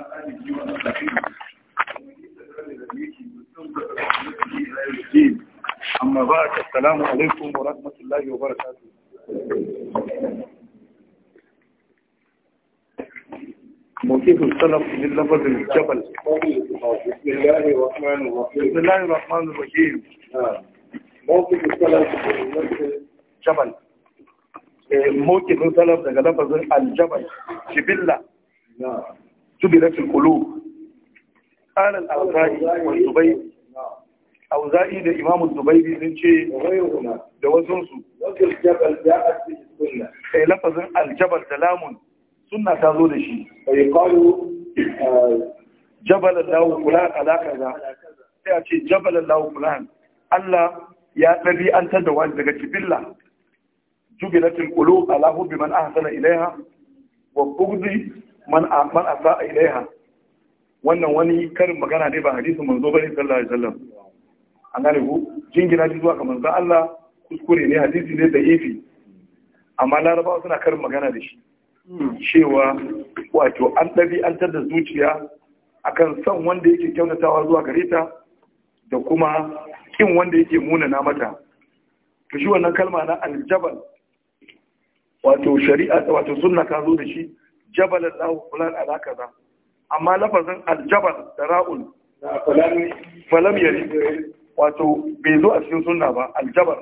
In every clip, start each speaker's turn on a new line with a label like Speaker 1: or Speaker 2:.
Speaker 1: آله وأصحابه أما بعد السلام عليكم ورحمة الله وبركاته موقف السلف من لفظ الجبل بسم الله الرحمن الرحيم بسم الله الرحمن الرحيم موقف السلف من لفظ الجبل موقف السلف من لفظ الجبل جبلة جبلت القلوب قال الأوزائي والزبير أوزائي ده إمام الزبير sun ce da wasunsu sai lafazin aljabal da lamun sunna ta da shi bai kawo jabalan lawo fulan alaka za sai a ce jabalan Allah ya ɗabi an wani daga jibilla jubilatul qulub ala man ahsana ilaiha wa man asa a ilaiha wannan wani karin magana ne ba hadisin manzo bane sallallahu alaihi wasallam an gane ku jingina ji zuwa ga manzo Allah kuskure ne hadisi ne da ifi amma larabawa suna karin magana da shi cewa wato an ɗabi an tada zuciya kan son wanda yake kyautatawa zuwa gare ta da kuma kin wanda yake munana mata to shi wannan kalma na aljabal wato shari'a wato sunna ka zo da shi jabal Allah fulan ala kaza amma lafazin jabal da ra'ul falam yari wato bai zo a cikin sunna ba aljabar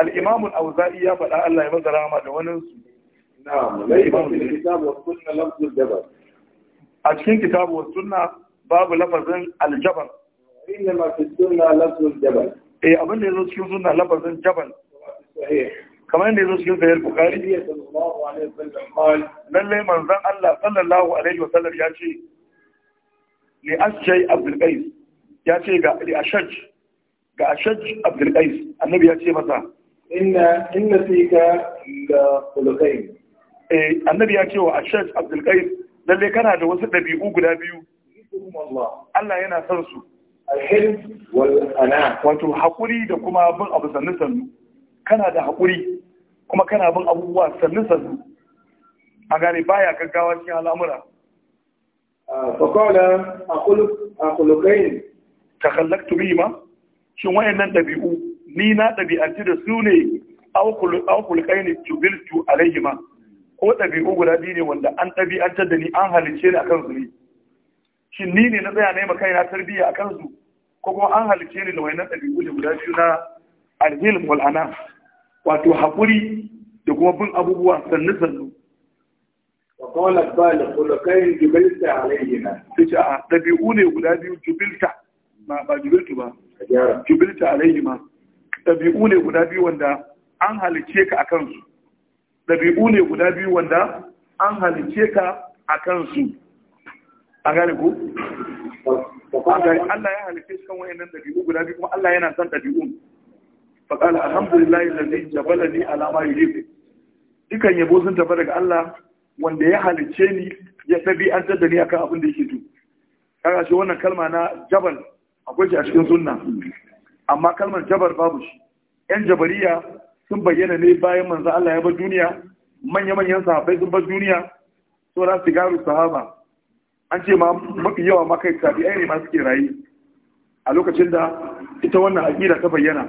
Speaker 1: al-imam al awza'i ya faɗa Allah ya manzara ma da wani su a cikin kitabu wa sunna babu lafazin aljabar inna ma fi sunna lafzul jabal eh abin da yazo cikin sunna lafazin jabal sahih kamar da ya zo cikin sayar bukari lallai manzan Allah sallallahu alaihi wasallam ya ce ne ashaj abdulkais ya ce ga li ashaj ga ashaj abdulkais annabi ya ce masa inna inna fika ga khuluqain eh annabi ya ce wa ashaj abdulkais lallai kana da wasu ɗabi'u guda biyu Allah yana son su alhilm wal ana wato hakuri da kuma bin abu sannu sannu kana da haƙuri kuma kana bin abubuwa sannu sannu a gane baya gaggawa cikin al'amura Fakola, a kulukain ta kallaktu bi ma shin wayannan ɗabi'u ni na ɗabi'anci da su ne aukulukain jubiltu alaihima ko ɗabi'u guda biyu ne wanda an ɗabi'antar da ni an halicce ni a kansu ne shin ni ne na tsaya na yi na tarbiyya a kansu ko kuma an halicce ni da wayannan ɗabi'u da guda biyu na alhilm Wal'ana? wato haƙuri da kuma bin abubuwa sannu sannu وقالت بالغ خلقين جبلت عليهما تجا ɗabi'u ne guda biyu jubilta ma ba jubiltu ba jubilta alaihima ɗabi'u ne guda biyu wanda an halice ka akan su dabi'u ne guda biyu wanda an halice ka akan su a gane ku Allah ya halice shi kan nan ɗabi'u guda biyu kuma Allah yana son ɗabi'un. faƙal alhamdulillahi lalzi jabalani alama yurib dukan yabo sun tafi daga Allah wanda ya halicce ni ya tabi an tada ni akan abin da yake ju kaga shi wannan kalma na jabal akwai shi a cikin sunna amma kalmar jabar babu shi yan jabariya sun bayyana ne bayan manzo Allah ya bar duniya manya-manyan sahabbai sun bar duniya saura sigaru sahaba an ce ma mafi yawa makai tabi'ai ne ma suke rayu a lokacin da ita wannan aƙida ta bayyana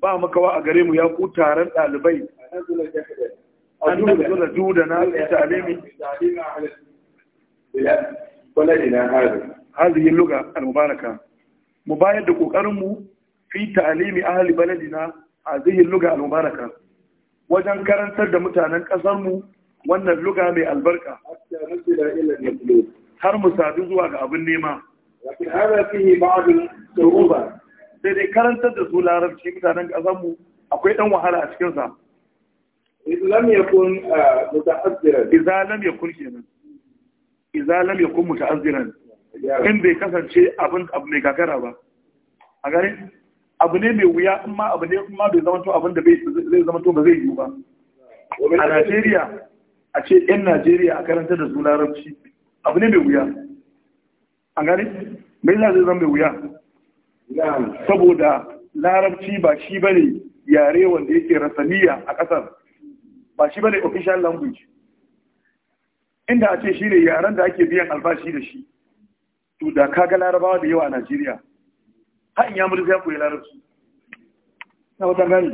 Speaker 1: ba makawa a gare mu ya ku taron ɗalibai a zuwa zuwa da na talimi halayyar luga al-mubaraka mu bayar da ƙoƙarinmu fi talimi a halibaladi na halayyar luga al-mubaraka wajen karantar da mutanen ƙasarmu wannan luga mai albarka har mu sadu zuwa ga abin nema. wata harafi ne ba abin sai dai karantar da su larabci mutanen ƙasar mu akwai ɗan wahala a cikinsa. Islam ya kun muta'azziran. Izalam ya kun kenan. Izalam ya kun muta'azziran. In bai kasance abin abu mai gagara ba. A gare abu ne mai wuya in ma abu ne kuma bai zama to abin da zai zama to ba zai yiwu ba. A Najeriya a ce 'yan Najeriya a karantar da su larabci abu ne mai wuya. A gare me yasa zai zama mai wuya? saboda larabci ba shi ne yare wanda yake rasaliya a ƙasar ba shi ne official language inda a ce shi ne yaren da ake biyan albashi da shi to da kaga larabawa da yawa a Najeriya har in ya mulki ya koyi larabci na wata gani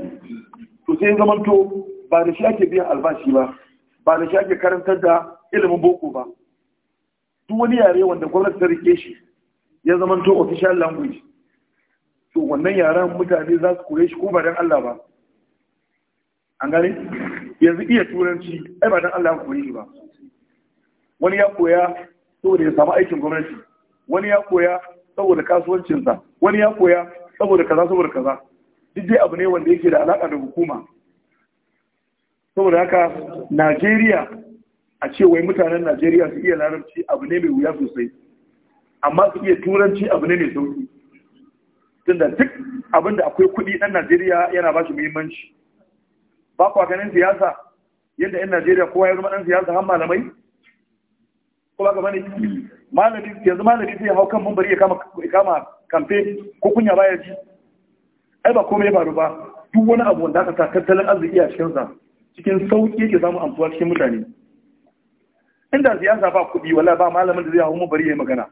Speaker 1: to sai zaman to ba da shi ake biyan albashi ba ba da shi ake karantar da ilimin boko ba duk wani yare wanda gwamnati ta rike shi ya zaman to official language to wannan yaren mutane za su kore shi ko ba dan Allah ba an gane yanzu iya turanci ai ba dan Allah koyi shi ba wani ya koya saboda ya samu aikin gwamnati wani ya koya saboda kasuwancinsa wani ya koya saboda kaza saboda kaza duk dai abu ne wanda yake da alaka da hukuma saboda haka Najeriya a ce wai mutanen Najeriya su iya larabci abu ne mai wuya sosai amma su iya turanci abu ne mai sauki tunda duk abin da akwai kuɗi ɗan Najeriya yana ba shi muhimmanci ba kuwa ganin siyasa yadda 'yan Najeriya kowa ya zama ɗan siyasa har malamai ko ba ka bane malami yanzu malami sai ya hau kan mumbari ya kama kamfe ko kunya baya ji ai ba komai ya faru ba duk wani abu wanda aka sa tattalin arziki a cikin sa cikin sauki yake samu amfuwa cikin mutane inda siyasa ba kuɗi wala ba malamin da zai hau mumbari ya yi magana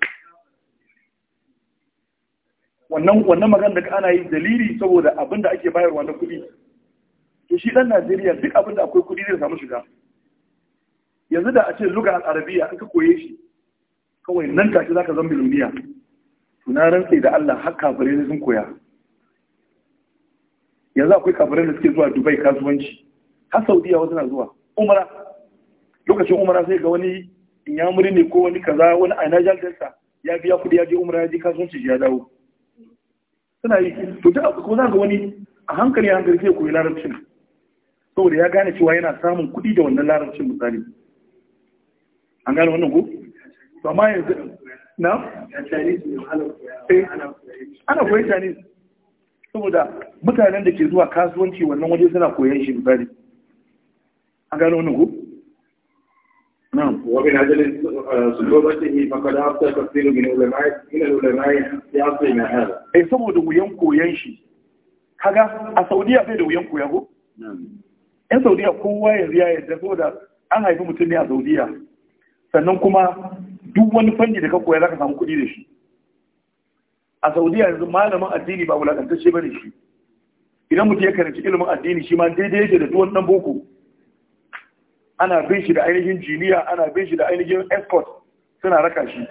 Speaker 1: wannan wannan magana da ana yi dalili saboda abin da ake bayarwa na kuɗi to shi dan Najeriya duk abin da akwai kuɗi zai samu shiga yanzu da a ce luga al-arabiya an ka koye shi kawai nan take zaka zama miliyoniya to na rantse da Allah har kafirai ne sun koya yanzu akwai kafirai da suke zuwa Dubai kasuwanci har Saudiya wasu na zuwa umara lokacin umara sai ga wani inyamuri ne ko wani kaza wani a Niger ya biya kuɗi ya je umara ya je kasuwanci ya dawo suna yi to duk ko za ka wani a hankali a hankali zai koyi larabcin saboda ya gane cewa yana samun kuɗi da wannan larabcin misali an gane wannan ko to amma yanzu na eh, ana koyi tani saboda mutanen da ke zuwa kasuwanci wannan waje suna koyan shi misali an gane wannan ko نعم هذا السبب صعوبته فقد أفتى كثير من العلماء من العلماء في أصلنا هذا. أي سمو دو ينكو ينشي. kaga a saudiya bai da wuyan koya ko yan saudiya kowa ya riya yadda saboda an haifi mutum ne a saudiya sannan kuma duk wani fanni da ka koya zaka samu kuɗi da shi a saudiya yanzu malamin addini ba wulakantacce ba ne shi idan mutum ya karanci ilimin addini shi ma daidai yake da duk dan boko ana bin shi da ainihin jiniya ana bin shi da ainihin escort suna raka shi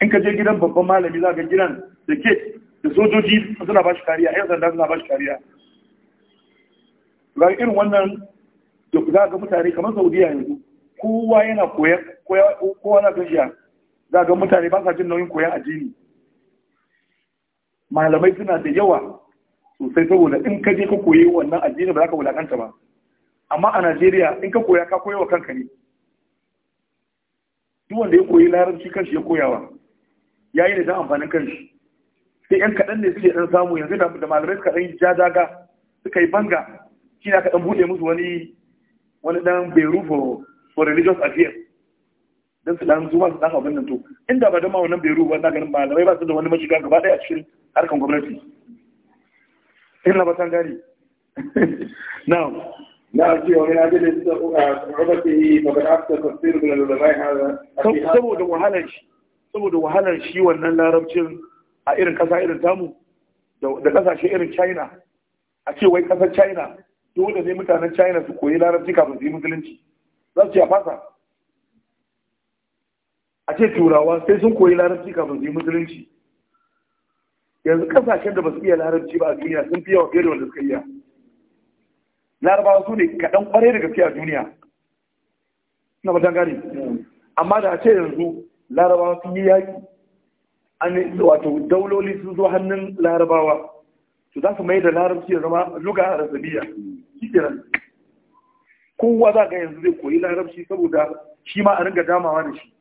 Speaker 1: in ka je gidan babban malami za ka gidan da ke da sojoji suna ba shi kariya yan sanda suna ba shi kariya ga irin wannan da za ga mutane kamar saudiya yanzu kowa yana koyan kowa na gajiya za ga mutane ba sa jin nauyin koyan addini malamai suna da yawa sosai saboda in ka je ka koyi wannan addini ba za ka wulakanta ba amma a Najeriya in ka koya ka koya wa kanka ne duk wanda ya koyi larabci kanshi ya koyawa ya yi da dan amfanin kanshi sai yan kaɗan ne suke ɗan samu yanzu da malamai suka ɗan ja daga suka yi banga shi na kaɗan buɗe musu wani wani ɗan beru for, for religious affairs don su ɗan zuwa su ɗan abin nan to inda ba dama wannan beru ba na ganin malamai ba su da wani mashiga gaba ɗaya a cikin harkan gwamnati ina ba san gari now نأتي ومن أجل صعوبته فقد أفتى تفسير من العلماء هذا saboda wahalar shi saboda wahalar shi wannan larabcin a irin kasa irin tamu da kasashe irin China a ce wai kasar China dole ne mutanen China su koyi larabci kafin su yi musulunci za su ce a fasa a ce turawa sai sun koyi larabci kafin su yi musulunci yanzu kasashen da ba su iya larabci ba a duniya sun fi yawa fiye da wanda suka iya larabawa su ne kaɗan ƙwarai da gaske a duniya na ba gane amma da ce yanzu larabawa sun yi yaƙi an wato dauloli sun zo hannun larabawa to za su mai da larabci ya zama luga arabiya kiran kowa za ga yanzu zai koyi larabci saboda shi ma a ringa damawa da shi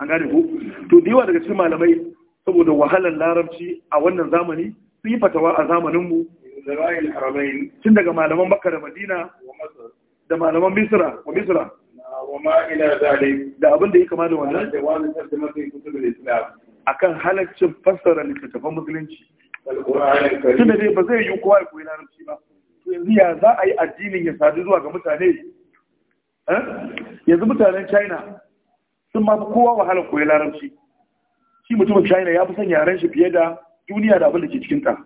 Speaker 1: an gane ko to da yawa daga cikin malamai saboda wahalar larabci a wannan zamani sun yi fatawa a zamaninmu tun daga malaman makka da madina da malaman Misira wa misra da abin da ya kama da wannan akan halaccin fassara littattafan musulunci tun da dai ba zai yi kowa ya koyi larabci ba yanzu ya za a yi addinin ya sadu zuwa ga mutane eh? yanzu mutanen china sun ma kowa wahalar koyi larabci shi mutumin china ya fi son yaren shi fiye da duniya da abin da ke cikinta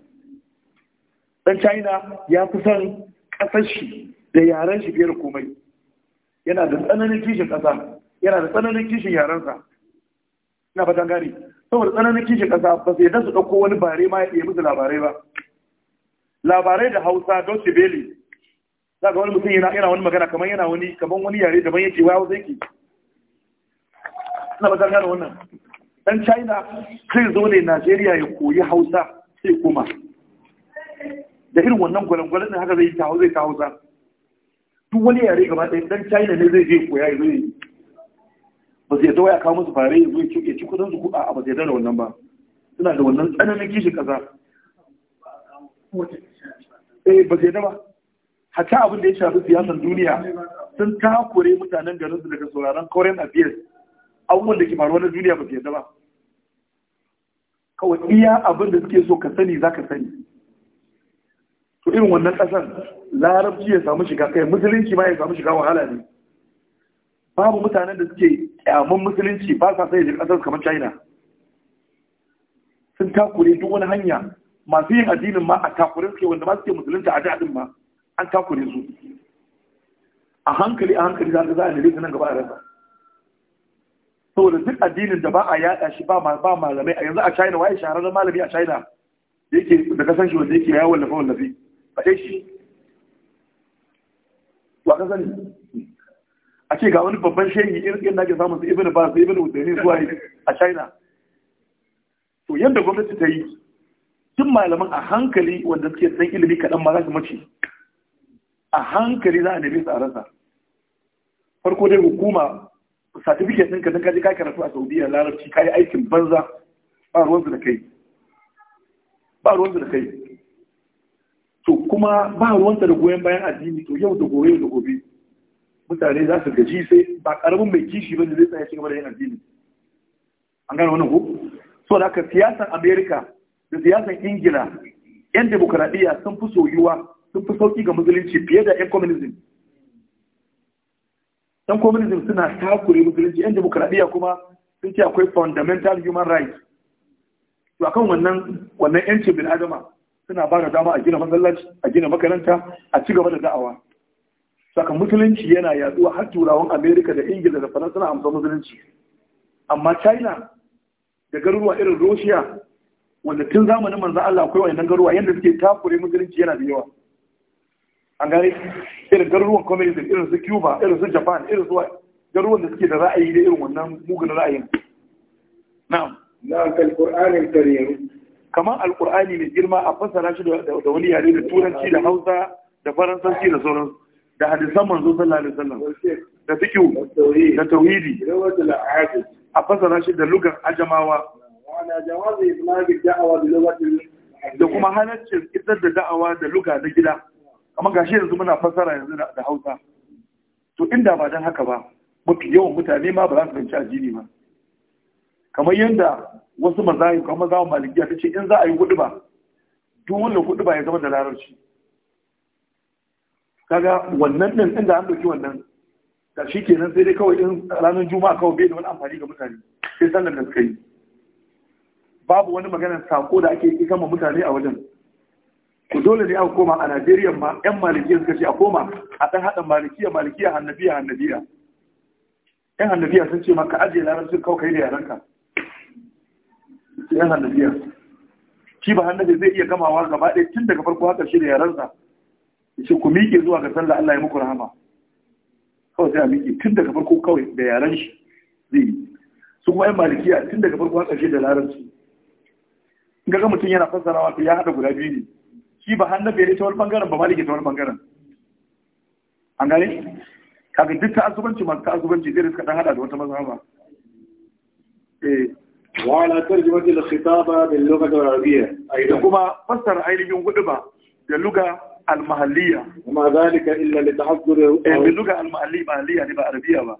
Speaker 1: dan china ya fi son ƙasar shi da yaren shi fiye da komai yana da tsananin kishin ƙasa yana da tsananin kishin yarensa ina fatan gari saboda tsananin kishin ƙasa ba sai dan su dauko wani bare ma ya musu labarai ba labarai da hausa don su beli za ga wani mutum yana wani magana kamar yana wani kamar wani yare daban yake wa hausa yake ina fatan gari wannan dan china zai zo ne najeriya ya koyi hausa sai kuma da irin wannan gwalangwalan da haka zai kawo zai kawo za duk wani yare gaba ɗaya dan china ne zai je koya ya zai ba zai tawaya kawo musu fare ya zo ya ci kudin su a ba zai da wannan ba suna da wannan tsananin kishin kasa eh ba zai ba hatta abin da ya shafi siyasar duniya sun takure mutanen garin su daga sauraron current affairs abubuwan da ke faruwa na duniya ba zai ba kawai iya abin da suke so ka sani za ka sani to irin wannan ƙasan larabci ya samu shiga kai musulunci ma ya samu shiga wahala ne babu mutanen da suke kyaman musulunci ba sa sai da ƙasar kamar china sun takure duk wani hanya masu yin addinin ma a takure suke wanda ma suke musulunci a daɗin ma an takure su a hankali a hankali za za a nile su nan gaba a rasa saboda duk addinin da ba a yaɗa shi ba malamai a yanzu a china waye shahararren malami a china da yake da kasan shi wanda yake ya wallafa wallafi faɗe shi to sani a ce ga wani babban shehi irin da ake samun su ibini ba su ibn udaini zuwa a china to yadda gwamnati ta yi tun malaman a hankali wanda suke san ilimi kaɗan ma za su mace a hankali za a nemi su a rasa farko dai hukuma certificate ɗinka don kaji ka karatu a saudiya larabci ka yi aikin banza ba ruwansu da kai ba ruwansu da kai kuma ba ruwanta da goyon bayan addini to yau da gobe yau da gobe mutane za su gaji sai ba karamin mai kishi ba da zai tsaye cikin yin addini an gane wannan ko so da haka siyasan Amerika da siyasan ingila yan demokradiyya sun fi soyuwa sun fi sauki ga musulunci fiye da yan communism yan communism suna takure musulunci yan demokradiyya kuma sun ce akwai fundamental human rights to akan wannan wannan yancin bin adama suna ba da dama a gina masallaci a gina makaranta a ci gaba da da'awa saka musulunci yana yaduwa har turawan amerika da ingila da faransa na amsa musulunci amma china da garuruwa irin russia wanda tun zamanin manzan allah akwai wayannan garuruwa yadda suke takure musulunci yana da yawa an gane irin garuruwan communism irin su cuba irin su japan irin su garuruwan da suke da ra'ayi da irin wannan mugun ra'ayin na'am na kalkur'anin karim kamar alkur'ani mai girma a fassara shi da wani yare da turanci da hausa da faransanci da sauran da hadisan manzo sallallahu alaihi wasallam da fiqhu da tauhidi a fassara shi da lugar ajamawa da kuma halaccin isar da da'awa da luga na gida amma gashi yanzu muna fassara yanzu da hausa to inda ba dan haka ba mafi yawan mutane ma ba za su fahimci addini ba kamar yadda wasu kuma za zaman malikiya ta ce in za a yi hudu ba tun wanda hudu ba ya zama da larabci kaga wannan din inda an dauki wannan da shi kenan sai dai kawai in ranar juma'a kawai bai da wani amfani ga mutane sai sannan da suka yi babu wani maganar sako da ake isa ma mutane a wajen ku dole ne aka koma a Najeriya ma yan malikiya suka ce a koma a ɗan haɗa malikiya malikiya hannabiya hannabiya yan hannabiya sun ce maka ajiye larabcin kawai kai da yaranka sayan hannabiya shi ba hannabi zai iya gamawa gaba ɗaya tun daga farko haka shi da yaransa ya ku miƙe zuwa ga sallah Allah ya muku rahama kawai sai a miƙe tun daga farko kawai da yaran shi zai yi su kuma yan malikiya tun daga farko haka shi da su in ga mutum yana fassarawa to ya haɗa guda biyu ne shi ba hannabi ya ta wani bangaren ba maliki ta wani bangaren an gane kaga duk ta asubanci masu ta asubanci zai riska dan haɗa da wata mazhaba eh وعلى ترجمة الخطابة باللغة العربية أيضا كما فسر أين قدبا باللغة المحلية وما ذلك إلا لتحضر إيه، باللغة المحلية محلية يعني عربية با.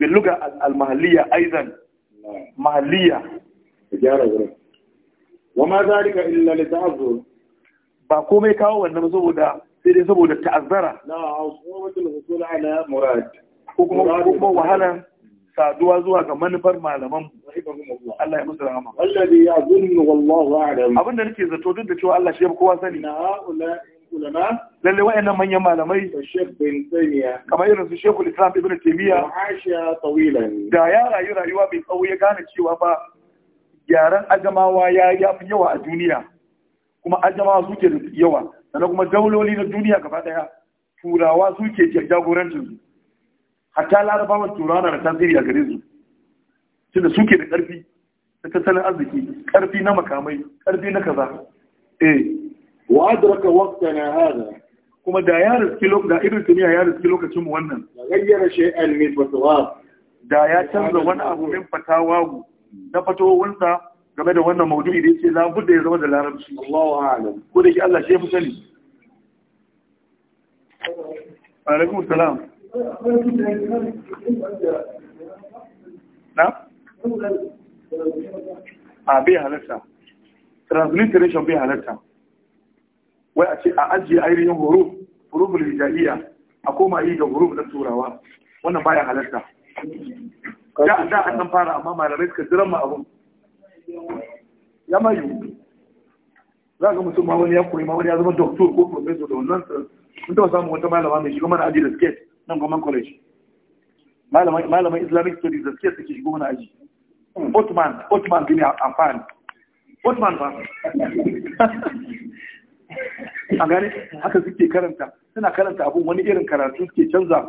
Speaker 1: باللغة المحلية أيضا نعم. محلية وما ذلك إلا لتعذر ba komai kawo wannan سيدي sai dai saboda ta'azzara na a على مراد ala saduwa zuwa ga manufar malaman Allah ya musu rahama wallahi ya zunnu wallahu a'lam abin da nake zato duk da cewa Allah shi ya kowa sani na ulama lalle wayannan manyan malamai Sheikh bin Taymiya kamar irin su Sheikh Islam Ibn Taymiya hashiya tawilan da ya rayu rayuwa mai tsawo ya gane cewa fa yaran ajamawa ya fi yawa a duniya kuma ajamawa suke da yawa sannan kuma dauloli na duniya gaba daya turawa suke jagorancin su hatta larabawan turawa turana da tasiri a gare su da suke da ƙarfi da tattalin arziki ƙarfi na makamai ƙarfi na kaza eh wa adraka waqtana hada kuma da ya riski da irin tuniya ya riski lokacin mu wannan gayyara shay'an min fatawa da ya canza wani abu min fatawa na sa game da wannan maudu'i da yace da ya zama da larabci Allahu a'lam ko da ki Allah shi ya fi sani alaikum salam na? a ah, bai halatta transliteration bai halatta wai a ce a ajiye ainihin horo hurufin hijaiya a koma yi ga huruf na turawa wannan baya halatta da da an nan fara amma malamai suka jiran ma abun ya mayu za ga mutum ma wani ya koyi ma wani ya zama doktor ko professor da wannan sun taba samun wata malama mai shiga mana aji da skate nan gwamnan college malaman islamic studies da suke suke shigo mana aji otman otman bin amfani otman ba a gane haka suke karanta suna karanta abun wani irin karatu suke canza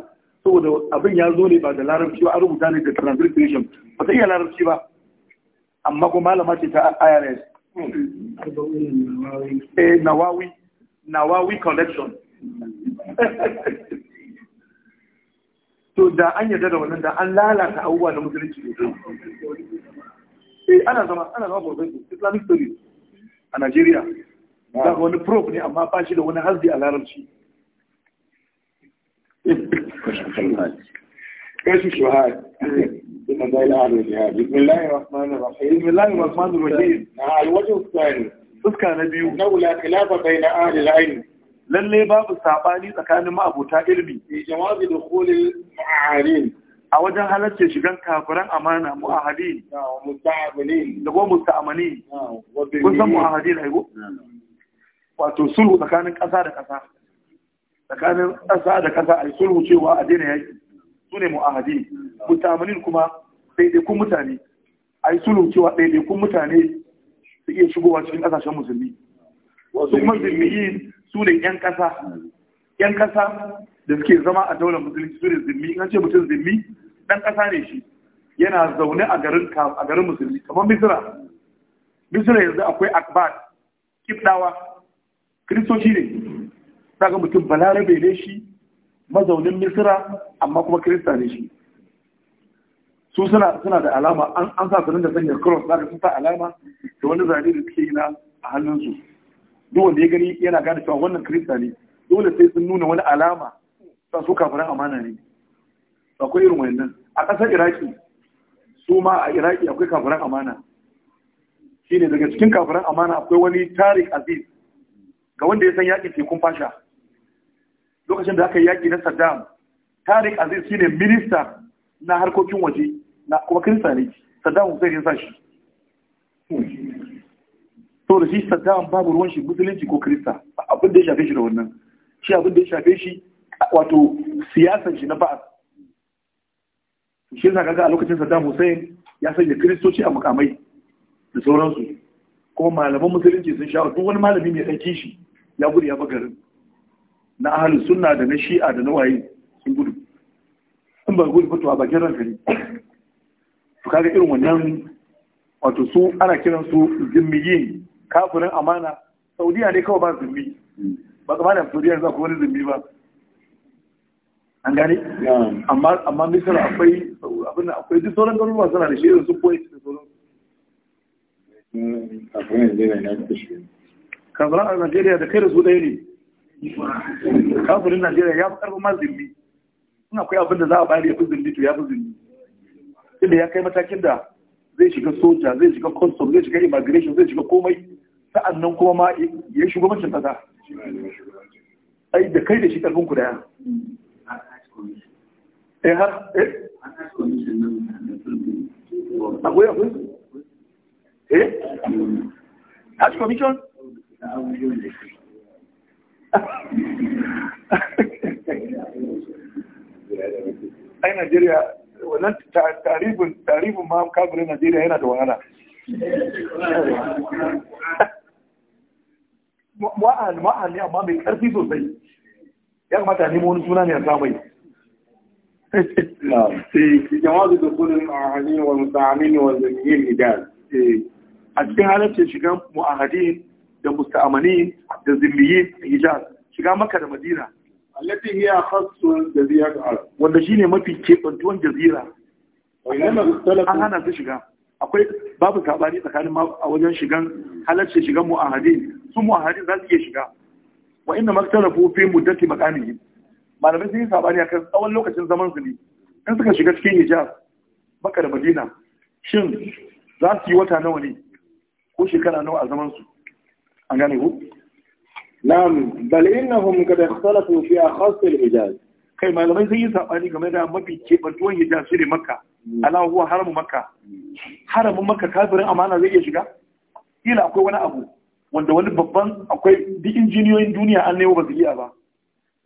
Speaker 1: saboda abin ya zo ne ba da larabci ba a rubuta ne da transliteration ba ta iya larabci ba amma ko malama ce ta irs eh nawawi nawawi collection to da an yarda da wannan da an lalata abubuwa na musulunci sosai eh ana zama ana zama professor islamic studies a Najeriya za wani prof ne amma ba shi da wani hasdi a larabci kashi shuhad ثم ذيل أعلم بها بسم الله الرحمن الرحيم بسم الله الرحمن الرحيم الوجه الثاني فسكى نبيه أنه خلاف بين العلم lalle babu sabani tsakanin ma'abota ilmi jawabi da kole ma'arin a wajen halarce shigan kafiran amana mu'ahadi. da kuma musta'amani kun san mu'ahadi na go wato sulhu tsakanin ƙasa da ƙasa tsakanin ƙasa da ƙasa ai sulhu cewa a daina yaki su ne mu'ahadin musta'amanin kuma ɗaiɗaikun mutane ai sulhu cewa ɗaiɗaikun mutane su iya shigowa cikin ƙasashen musulmi su ne 'yan ƙasa 'yan ƙasa da suke zama a daular musulunci su ne zimmi in ce mutum zimmi ɗan ƙasa ne shi yana zaune a garin a kamar misira misira yanzu akwai akbar Kristo kristoci ne daga mutum balarabe ne shi mazaunin misira amma kuma kirista ne shi su suna da alama an sa sanin da sanyar cross zaka sun sa alama da wani zane da suke yi na a hannunsu duk wanda ya gani yana gane cewa wannan kirista ne dole sai sun nuna wani alama sa su kafiran amana ne akwai irin wannan a ƙasar iraki su ma a iraki akwai kafiran amana shine daga cikin kafiran amana akwai wani tarik aziz ga wanda ya san yaƙi tekun fasha lokacin da aka yi yaƙi na saddam tarik aziz shine minista na harkokin waje na kuma kirista ne saddam hussein ya sa shi to da shi saddam babu ruwan shi musulunci ko krista abin da ya shafe shi da wannan shi abin da ya shafe shi wato siyasan shi na ba'a shi yasa kaga a lokacin saddam hussein ya sanya kristoci a mukamai da sauransu kuma malaman musulunci sun sha duk wani malami mai ɗauki shi ya gudu ya bagarin na ahalin sunna da na shi'a da na waye sun gudu sun ba gudu fito a bakin ranka ne to kaga irin wannan wato su ana kiran su zimmiyin kafirin amana saudiya ne kawai ba zumbi hmm. ba kama da saudiya za ku wani zumbi ba an gani? amma amma akwai abin da akwai duk sauran garuruwa suna da shirin su koyi da sauran hmm, kafirin a najeriya da kai da su ɗaya ne kafirin najeriya ya fi ƙarfin ma zumbi in akwai abin da za a bayar ya fi zumbi to ya fi zumbi inda ya kai matakin da zai shiga soja zai shiga consul zai shiga immigration zai shiga komai sa'annan kuma ma ya shiga shugabancin ƙasa ai da kai da shi ƙarfin ku daya eh har eh akwai akwai eh hajj commission ai Najeriya wannan tarifin ma kafirin Najeriya yana da wahala wa'al ma'al amma mai ƙarfi sosai ya kamata nemo wani suna ne a samai eh, a cikin halarci shiga mu'ahadin da musta'amani da zimmiyi a hijaz shiga maka da madina allati hiya khassu jazira wanda shi ne mafi kebantuwan jazira an hana su shiga akwai babu sabani tsakanin ma a wajen shigan halarci shigan mu'ahadin su mu'ahadin za su iya shiga wa inna maktarafu fi muddati maqamihim malamai sun yi sabani akan tsawon lokacin zaman su ne in suka shiga cikin hijab maka da madina shin za su yi wata nawa ne ko shekara nawa a zaman su an gane ku na'am bal innahum qad ikhtalafu fi akhas al hijaz kai malamai sun yi sabani game da mafi kebantuwan hijab shi ne makka ala huwa haramun makka haramun makka kafirin amana zai iya shiga ila akwai wani abu wanda wani babban akwai duk injiniyoyin duniya an nemo ba su iya ba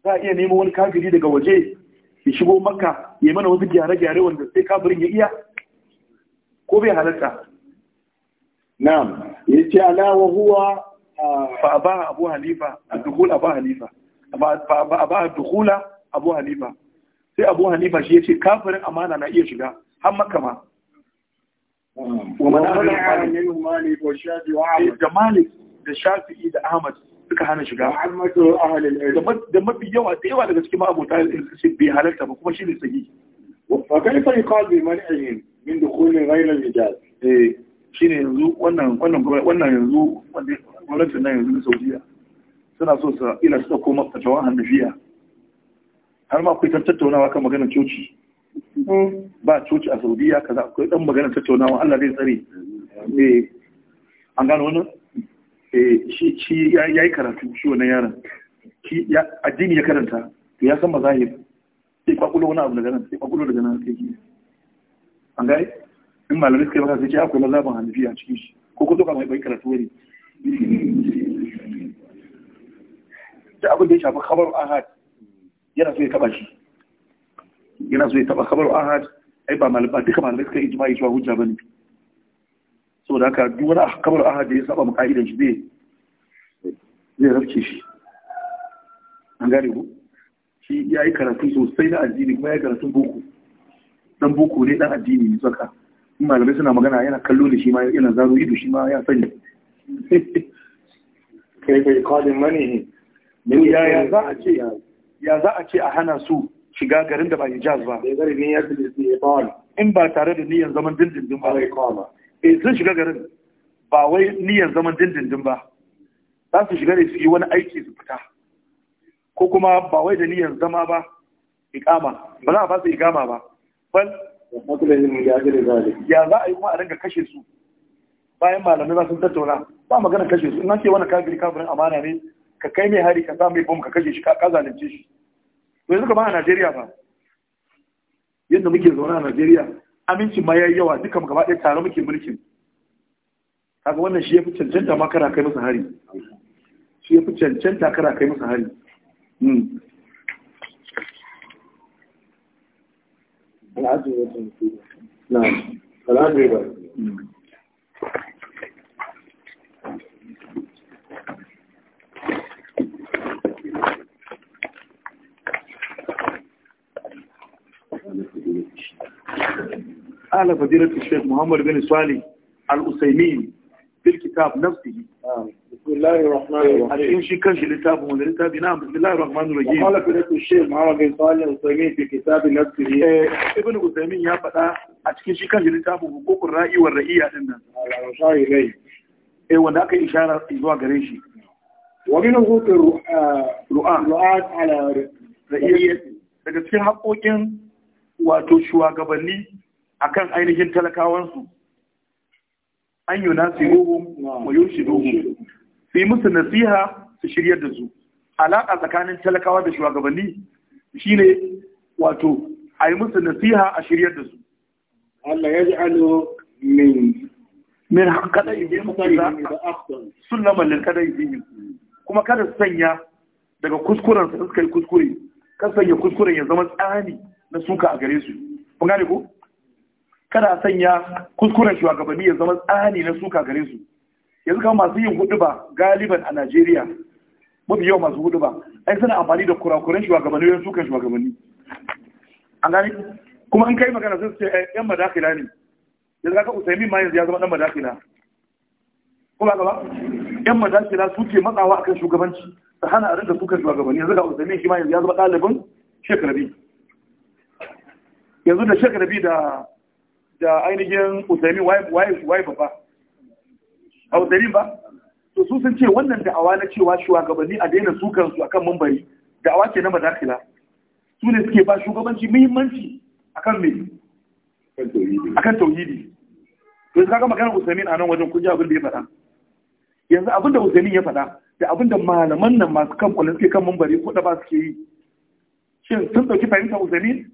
Speaker 1: za a iya nemo wani kafiri daga waje ya shigo makka ya mana wasu gyare-gyare wanda sai kafirin ya iya ko bai halarta na'am ya ce ala wa huwa ah, fa aba abu halifa a dukul abu halifa fa aba dukula abu halifa sai abu hanifa shi ya ce kafirin amana na iya shiga har makama ma eh, da malik da shafi'i da ahmad suka hana shiga da mafi yawa da yawa daga cikin ma'abota su bai halarta ba kuma shi ne sahi wa kaifa yuqal bi min dukhuli ghayr al-hijaz eh, shi ne yanzu wannan yanzu wannan yanzu na Saudiya suna so su ila su koma fatawan Hanafiya har ma akwai tattaunawa kan maganar coci eh. ba coci a saudiya kaza akwai dan maganar tattaunawa allah zai tsare eh an gano wannan eh shi yayi karatu shi wannan yaron shi ya addini ya karanta to ya san mazahir sai kwakulo wani abu daga nan sai kwakulo daga nan sai ki an gane in malamai suka yi maka sai ce akwai mazhabin hanafiya a cikin shi ko ko doka mai bai karatu wani da abin da ya shafi khabar ahad yana so ya taba shi yana so ya taba kamar ahad ai ba malaba duka malamai suka ijma'i cewa hujja bane saboda haka duk wani kamar ahad da ya saba mu shi zai zai rafce shi an gane ku shi ya yi karatu sosai na addini kuma ya yi karatun boko dan boko ne dan addini ne saka in malamai suna magana yana kallo da shi ma yana zaro ido shi ma ya sani kai kai kwalin mani
Speaker 2: ne ya ya za
Speaker 1: a ce ya za a ce a hana su shiga garin da ba hijaz ba in ba tare da niyyar zaman dindindin ba eh sun shiga garin ba wai niyan zaman dindindin ba za su shiga da su yi wani aiki su fita ko kuma ba wai da niyan zama ba ikama ba za a ba su ikama ba bal ya za a yi kuma a ringa kashe su bayan malamai ba sun tattauna ba magana kashe su in an ce wani kafiri kafirin amana ne ka kai mai hari ka sa mai bom ka kashe shi ka zalunce shi to yanzu kamar a Najeriya ba yadda muke zaune a Najeriya aminci ma yayi yawa duka gaba ɗaya tare muke mulkin kaga wannan shi yafi cancanta ma kana kai masa hari shi yafi cancanta kana kai masa hari hmm. A'a na faɗi na tushen Muhammadu Bani Sa'l al-Husayni Nafsi. A cikin shi kanje littafin wanda littafi na amfani da Aminu Bani Rajimu. Eh Ibn Husayni ya faɗa a cikin shi kanje littafin bukuku ra'iwar ra'iya ɗinnan. E wanda aka yi ishaɗa wato shugabanni kan ainihin talakawansu an yi na wa yurshiduhum su yi musu nasiha su shiryar da su alaƙa tsakanin talakawa da shugabanni shine wato a yi musu nasiha a shiryar da su Allah ya ji alo min min kada sun lamalin kada yi kuma kada sanya daga kuskuren su suka yi kuskure kan sanya kuskuren ya zama tsani na suka a gare su kun gane ko kada sanya kuskuren shugabanni ya zama tsani na suka gare su yanzu kama masu yin hudu ba galiban a Najeriya mafi yawan masu hudu ba ai suna amfani da kurakuran shugabanni wajen sukan shugabanni an gane kuma an kai magana sun ce eh, yan madakila ne yanzu kaka Usaimin ma yanzu ya zama dan madakila Kuma gaba yan madakila su ke matsawa akan shugabanci su hana a rinka sukan shugabanni yanzu ga Usaimin shi ma yanzu ya zama ɗalibin shekarabi yanzu da shekara bi da da ainihin usaimi waye babba a usaimi ba to su sun ce wannan da'awa na cewa shugabanni a daina sukan a akan mambari da'awa ke na madakila su ne suke ba shugabanci muhimmanci akan me kan tauhidi to yanzu kaga maganar usaimi a nan wajen kunja abin da ya faɗa yanzu abin da usaimi ya faɗa da abin da malaman nan masu kan kwalin suke kan mambari ko da ba suke yi shin sun ɗauki fahimtar usaimi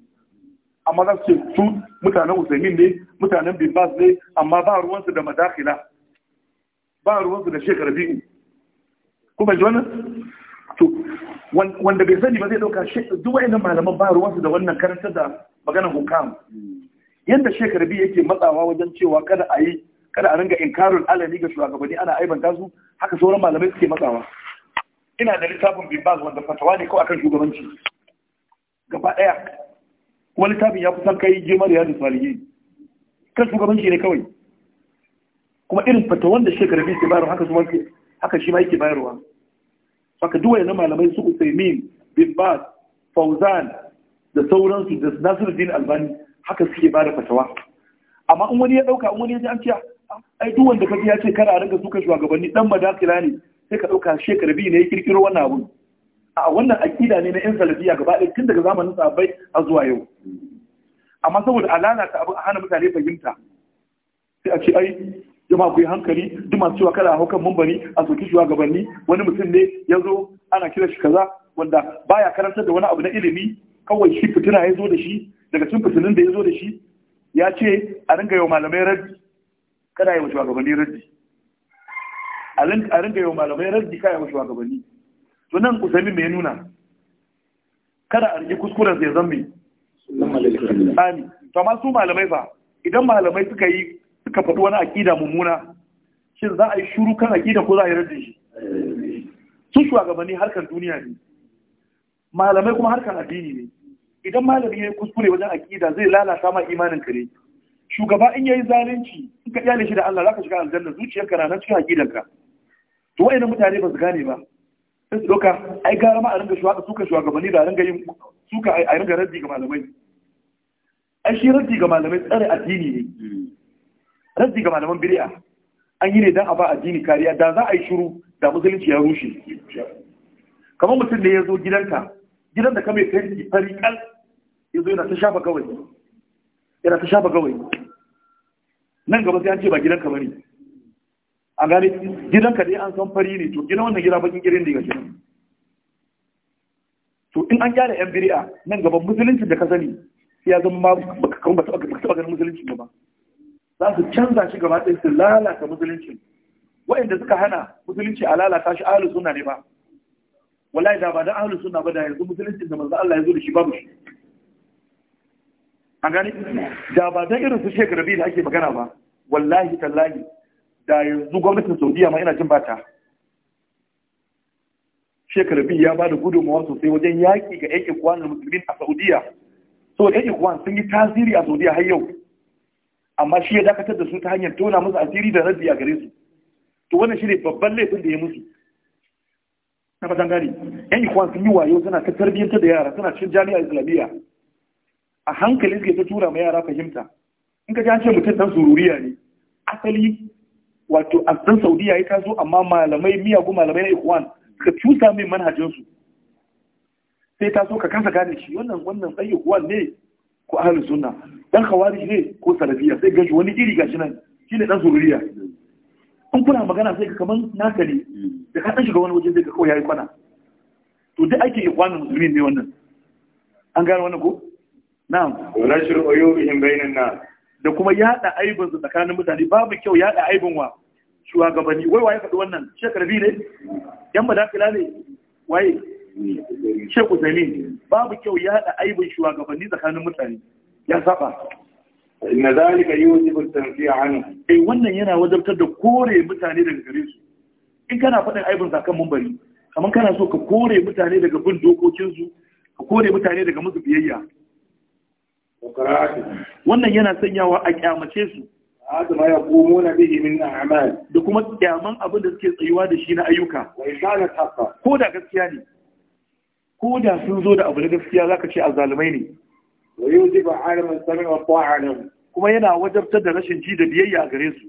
Speaker 1: amma za su ce su mutanen usaimin ne mutanen bimbas ne amma ba ruwansu da madakila ba ruwansu da shekar biyu kuma ji wannan to wanda bai sani ba zai dauka duk wa'annan malaman ba ruwansu da wannan karanta da maganar hukam Yadda shekar biyu yake matsawa wajen cewa kada a yi kada a ringa inkarul alami ga shugabanni ana aibanta su haka sauran malamai suke matsawa ina da littafin bimbas wanda fatawa ne ko akan shugabanci gaba ɗaya wani littafin ya kusan kai girma da yadda salihin kan shugabanci ne kawai kuma irin fata wanda shekara biyu ke bayarwa haka su haka shi ma yake bayarwa haka duwaye na malamai su usaimin bin bas fauzan da sauransu da nasiruddin albani haka suke ba da fatawa amma in wani ya dauka in wani ya ji an ciya ai duk wanda kaji ya ce kana rinka suka shugabanni dan madakila ne sai ka dauka shekara biyu ne ya kirkiro wannan abun a wannan akida ne na yan salafiya gaba ɗaya tun daga zamanin sahabbai har zuwa yau amma saboda alana ta abu a hana mutane fahimta sai a ce ai jama ku yi hankali duk masu cewa kada a hau kan mumbari a soki shugabanni wani mutum ne ya zo ana kira shi kaza wanda baya karantar da wani abu na ilimi kawai shi fitina ya zo da shi daga cikin fitinin da ya zo da shi ya ce a ringa yau malamai raddi kada yi wa shugabanni raddi a ringa yau malamai raddi kada yi wa shugabanni to nan usaimin mai nuna kada a rike kuskuren sai zambi amin to amma su malamai fa idan malamai suka yi suka faɗi wani aƙida mummuna shin za a yi shuru kan aƙida ko za a yi rajin shi su shugabanni harkar duniya ne malamai kuma harkar addini ne idan malami ya yi kuskure wajen akida zai lalata ma imanin kare shugaba in yayi zalunci in ka kyale shi da Allah zaka shiga aljanna zuciyarka na nan cikin aƙidanka to wayannan mutane ba su gane ba sai su doka ai gara ma a ringa shuwa suka shugabanni da ringa yin suka a ringa raddi ga malamai ai shi raddi ga malamai tsare addini ne raddi ga malaman bid'a an yi ne dan a ba addini kariya da za a yi shiru da musulunci ya rushe kamar mutum ne ya zo gidanka gidan da kame fenti fari kal ya zo yana ta shafa gawai yana ta shafa gawai nan gaba sai an ce ba gidanka bane a gane ka dai an san fari ne to gidan wannan gida bakin gidan ne ga gidan to in an gyara yan biri'a nan gaban musulunci da ka sani ya zama baka kan ba taɓa ganin musulunci ba za su canza shi gaba ɗaya su lalata musulunci wa'anda suka hana musulunci a lalata shi ahlus sunna ne ba wallahi da ba da ahlus sunna ba da yanzu musulunci da manzo Allah ya zo da shi babu shi an gane da ba da irin su shekarabi biyu da ake magana ba wallahi tallahi da yanzu gwamnatin saudiya ma ina jin bata Shekaru biyu ya ba da gudunmawa sosai wajen yaƙi ga yan ikwanin musulmin a saudiya saboda yan sun yi tasiri a saudiya har yau amma shi ya dakatar da su ta hanyar tona musu asiri da rabi a gare su to wannan shi ne babban laifin da ya musu na fatan gani yan ikwan sun yi wayo suna ta tarbiyyanta da yara suna cikin jami'a islamiyya a hankali suke ta tura ma yara fahimta in ka ji an ce mutum dan sururiya ne asali wato a ɗan saudiya ya taso amma malamai miyagun malamai na ikuwan ka cusa min manhajinsu sai taso ka kasa gane shi wannan wannan ɗan ikwan ne ko ahalin sunna ɗan kawari ne ko sarabiya sai gaji wani iri gashi nan shi ne ɗan sururiya in kuna magana sai ka kaman naka ne da ka ɗan shiga wani waje sai ka kawai ya yi kwana to duk ake ikwanin musulmi ne wannan an gane wannan ko na'am da kuma yada aibin su tsakanin mutane babu kyau yada aibin wa shugabanni wai waye faɗi wannan biyu ne yan madakila ne waye sheku zami babu kyau yada aibin shugabanni tsakanin mutane ya saba inna zalika yujibu tanfiya anhu eh wannan yana wajabtar da kore mutane daga gare su in kana faɗin aibin kan mumbari kamar kana so ka kore mutane daga bin dokokinsu ka kore mutane daga musu biyayya wannan yana sanyawa a kyamace su hada ma yaqumuna bihi min a'mal da kuma kyaman abin da suke tsayuwa da shi na ayyuka Wai kana taqa ko da gaskiya ne ko da sun zo da abu na gaskiya zaka ce azzalumai ne wa yujibu 'ala man sami'a ta'a lahum kuma yana wajabtar da rashin ji da biyayya gare su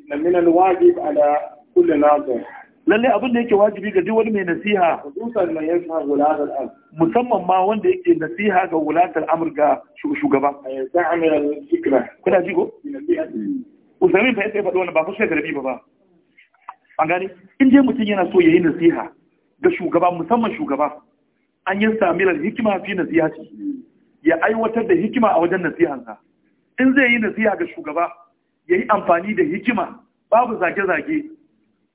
Speaker 1: inna min al-wajib ala kulli nazir lalle abin da yake wajibi ga duk wani mai nasiha musamman ma wanda yake nasiha ga wulatar amurka shugaba kuna ji ko usamin fa yake faɗo ba garbi ba ba an in je mutum yana so ya yi nasiha ga shugaba musamman shugaba an yi samirar hikima fi nasiha ce ya aiwatar da hikima a wajen nasihansa in zai yi nasiha ga shugaba ya yi amfani da hikima babu zage-zage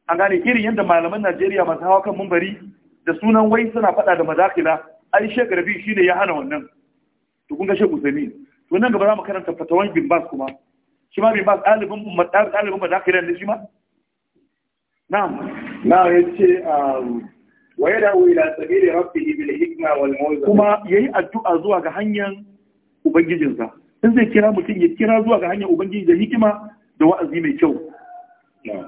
Speaker 1: an gane irin yadda malaman Najeriya masu hawa kan mumbari da sunan wai suna faɗa da mazakila ai Sheikh Rabi shine ya hana wannan to kun ga Sheikh Usaimin to nan gaba za mu karanta fatawan bin Bas kuma shi ma bin Bas ɗalibin ɗalibin mazakila ne shi ma na'am na yace um, wa yadawu ila sabili rabbih bil hikma wal mawza kuma yayi addu'a zuwa ga hanyar ubangijinsa in zai kira mutum ya kira zuwa ga hanyar ubangiji da hikima da wa'azi mai kyau na'am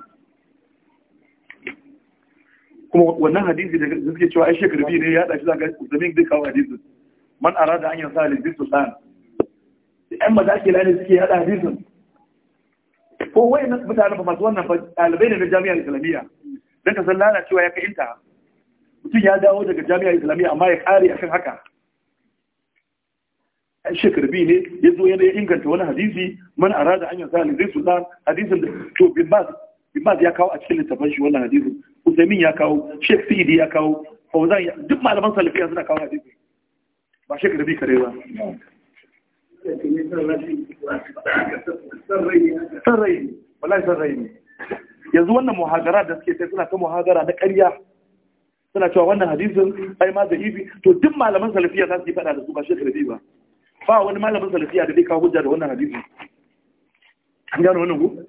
Speaker 1: kuma wannan hadisi da suke cewa ai shekaru biyu ne ya dace za ga zamin zai kawo hadisin man arada an yansa da bisu san ɗan ke lani suke yada hadisin ko wai na mutane ba masu wannan ɗalibai ne na jami'ar islamiyya don ka san lalacewa ya kai inta mutum ya dawo daga jami'ar islamiyya amma ya kare akan haka an shekaru biyu ne ya zo yana inganta wani hadisi man arada an yansa da bisu san hadisin da to bin ba Ibaz ya kawo a cikin littafin shi wannan hadisi Usaimin ya kawo Sheikh Sidi ya kawo Fauzan duk malaman salafiya suna kawo hadisi ba Sheikh Rabi kare ba sarrai wallahi sarrai ne yanzu wannan muhajara da suke sai suna ta muhajara na ƙarya suna cewa wannan hadisin ai ma da ibi to duk malaman salafiya za su yi faɗa da su ba Sheikh Rabi ba ba wani malamin salafiya da zai kawo hujja da wannan hadisin an gano wannan ku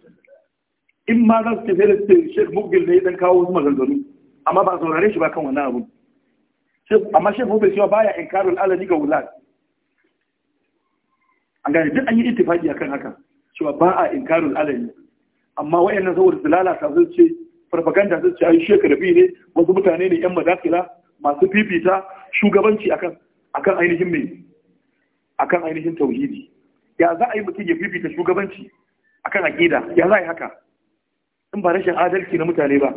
Speaker 1: in ma za su tafi da su shek mugbil ne dan kawo wasu maganganu amma ba saurare shi ba kan wannan abu amma shek mugbil cewa baya inkarul alani ga wulat an gane duk an yi ittifaqi akan haka cewa ba a inkarul ne. amma wayannan saboda su lalata su ce farfaganda sun ce ai shek rabi ne wasu mutane ne yan madakila masu fifita shugabanci akan akan ainihin mai akan ainihin tauhidi ya za a yi mutum ya fifita shugabanci akan aqida ya za a yi haka in ba rashin adalci na mutane ba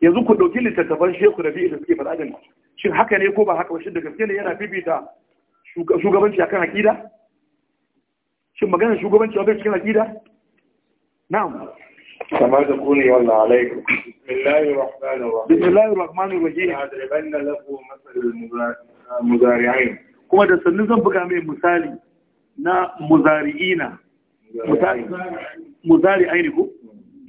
Speaker 1: yanzu ku ɗauki littattafan sheku da biyu da suke faɗa din shin haka ne ko ba haka ba shi da gaske ne yana bibita shugabanci akan aƙida shin maganar shugabanci akan cikin aƙida na'am kamar da kuni wallahi alaikum bismillahir rahmanir rahim bismillahir rahmanir rahim ya adribanna lahu masal muzari'in kuma da sannu zan buga mai misali na muzari'ina muzari'ina muzari'ina ko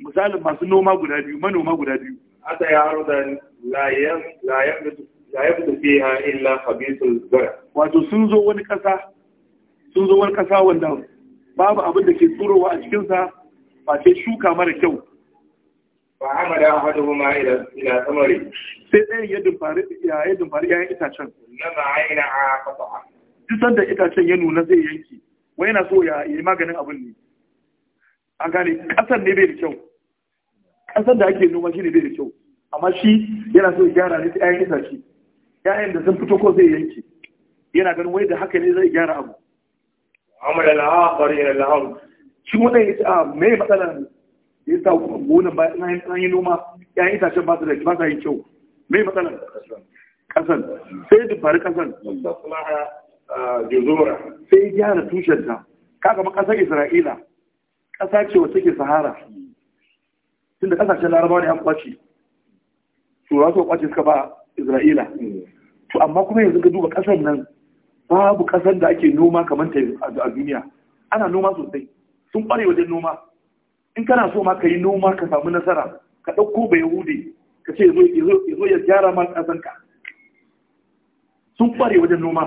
Speaker 1: misali masu noma guda biyu manoma guda biyu aka ya arda la layan da yamdu la yamdu fiha illa khabithul zara wato sun zo wani kasa sun zo wani kasa wanda babu abin da ke tsurowa a cikin sa face shuka mara kyau fa amada ahaduhuma ila ila samari sai ɗayan ya dumfari ya ya dumfari ya itacen lama aina a qata'a duk sanda itacen ya nuna zai yanki wai yana so ya yi maganin abin ne an gane kasar ne bai da kyau ƙasar da ake noma shi ne bai da kyau amma shi yana so ya gyara ne ta 'ya'yan itace 'ya'yan da sun fito ko zai yanke yana ganin wai da haka ne zai gyara abu amma da bari da laha shi wannan ya ce a ah, me matsala ya sa gonan ba an yi noma 'ya'yan itacen ba su da ba su yi kyau me matsala ƙasar sai da bari ƙasar sai gyara tushenta kaga ma ƙasar isra'ila ƙasa ce wacce ke sahara tunda kasashen larabawa ne an kwace turawa suka kwace suka ba isra'ila to amma kuma yanzu ga duba kasar nan babu kasar da ake noma kamar ta a duniya ana noma sosai sun kware wajen noma in kana so ma ka yi noma ka samu nasara ka ɗauko bai hude ka ce zo ya gyara ma ƙasanka sun kware wajen noma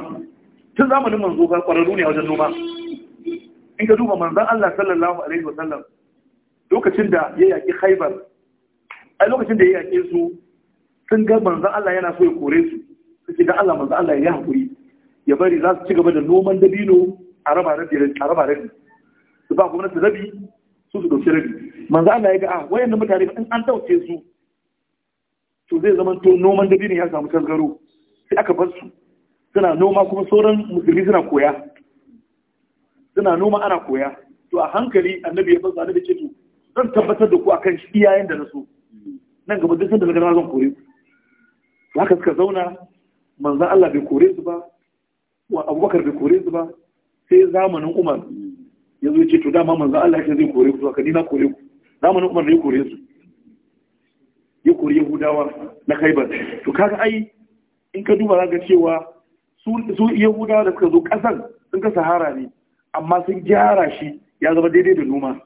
Speaker 1: tun zamanin manzo ka kwararru ne wajen noma in ka duba manzan Allah sallallahu alaihi wasallam lokacin da ya yaƙi haibar a lokacin da ya yaƙe su sun ga manzan Allah yana so ya kore su ce da Allah manzan Allah ya haƙuri ya bari za su ci gaba da noman dabino a raba rabi su ba gwamnati rabi su su ɗauki rabi manzan Allah ya ga a ah, wayannan mutane in an ɗauke su to zai zama to noman dabino ya samu tasgaro sai aka bar su suna noma kuma sauran musulmi suna koya suna noma ana koya to a hankali annabi ya su annabi ce to zan tabbatar da ku a kan iyayen da na so nan gaba duk sanda na zan kore ku haka suka zauna manzan Allah bai kore su ba wa abubakar bai kore su ba sai zamanin umar ya zo ce to dama manzan Allah ya zai kore ku haka ni na kore ku zamanin umar ne ya kore su ya kore yahudawa na kaibar to kaga ai in ka duba zaka cewa su yahudawa da suka zo kasan sun ka sahara ne amma sun gyara shi ya zama daidai da noma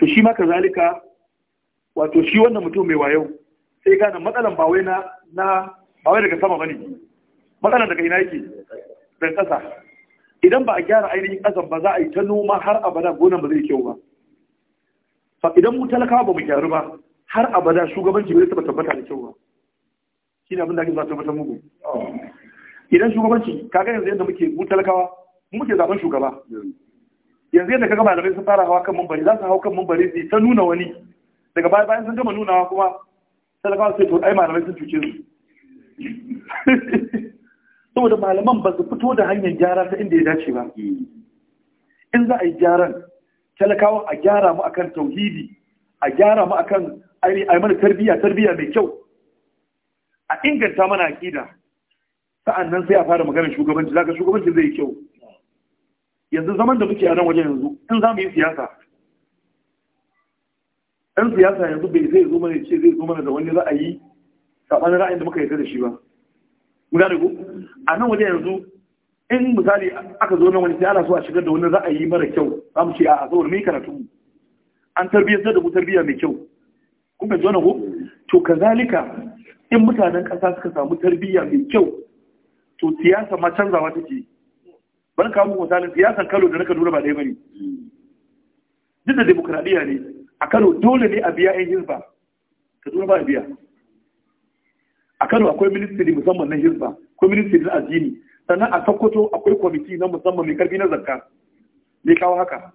Speaker 1: to shi maka kazalika wato shi wannan mutum mai wayo sai gane matsalan ba wai na na ba wai daga sama bane matsalan daga ina yake daga ƙasa idan ba a gyara ainihin ƙasan ba za a yi ta noma har abada gonan ba zai kyau ba fa idan mu talakawa ba mu gyaru ba har abada shugabanci bai taɓa tabbata da kyau ba shi ne abin da ake zuwa mata mugu oh. idan shugabanci kaga yanzu yadda muke mu talakawa mu muke zaben shugaba yanzu yadda kaga malamai sun fara hawa kan mambari za su hau kan mambari su ta nuna wani daga baya bayan sun gama nunawa kuma talakawa sai to ai malamai sun cuce su saboda malaman ba su fito da hanyar gyara ta inda ya dace ba in za a yi gyaran talakawa a gyara mu akan tauhidi a gyara mu akan aini a mana tarbiyya tarbiyya mai kyau a inganta mana akida sa'annan sai a fara magana shugabanci zaka shugabanci zai yi kyau yanzu zaman da muke a nan wajen yanzu in za mu yi siyasa ɗan siyasa yanzu bai zai zo mana ce zai zo mana da wani ra'ayi saɓanin ra'ayin da muka yarda da shi ba mu da ku a nan wajen yanzu in misali aka zo nan wani sai ana so a shigar da wani ra'ayi mara kyau za mu ce a saboda mu yi karatu an tarbiyyar da mu tarbiyya mai kyau kun zo na ko to kazalika in mutanen ƙasa suka samu tarbiyya mai kyau to siyasa ma canzawa take bari kawo muku misalin siyasar Kano da na Kaduna ba ɗaya bane duk da demokradiyya ne a Kano dole ne a biya 'yan hizba Kaduna ba a biya a Kano akwai ministiri musamman na hizba akwai ministiri na addini sannan a Sokoto akwai kwamiti na musamman mai karfi na zakka mai kawo haka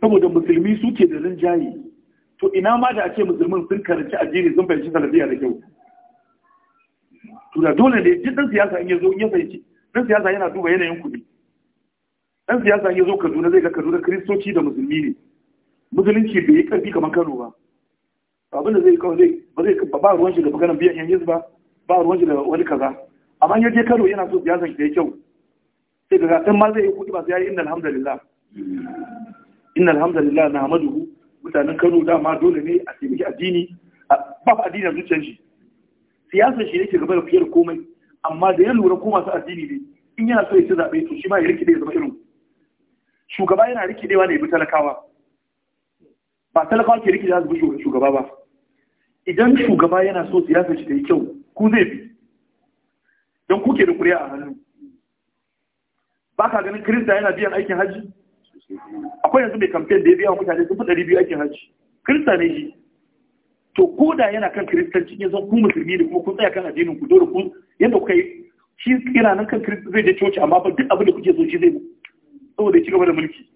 Speaker 1: saboda musulmi suke da rinjaye to ina ma da ake musulmin sun karanci addini sun fahimci salafiya da kyau to da dole ne duk dan siyasa in ya zo in ya fahimci dan siyasa yana duba yanayin kuɗi dan siyasa in ya zo Kaduna zai ga Kaduna kristoci da musulmi ne musulunci bai yi ƙarfi kamar Kano ba abin da zai kawo zai ba zai ba ruwan shi da maganar biyan yan ba ba ruwan shi da wani kaza amma ya je Kano yana so siyasan shi yi kyau sai ga dan ma zai yi kudi ba sai yi inna alhamdulillah inna alhamdulillah na hamaduhu mutanen Kano dama dole ne a taimaki addini ba addini a zuciyar shi siyasar shi yake gaba da fiyar komai amma da ya lura ko masu addini ne in yana so ya ci zaɓe to shi ma ya rikide ya zama irin shugaba yana rikidewa ne ya bi talakawa ba talakawa ke rikide su bi shugaba ba idan shugaba yana so siyasar shi ta yi kyau ku zai bi don kuke da kuri'a a hannu ba ka ganin kirista yana biyan aikin hajji akwai yanzu mai kamfen da ya biya mutane sun fi ɗari biyu aikin hajji kirista ne shi to ko da yana kan kiristanci ya zan ku musulmi ne kuma kun tsaya kan addinin ku dole ku yadda kuka yi shi yana nan kan kiristanci zai je coci amma ba duk abin da kuke so shi zai saboda ya ci gaba da mulki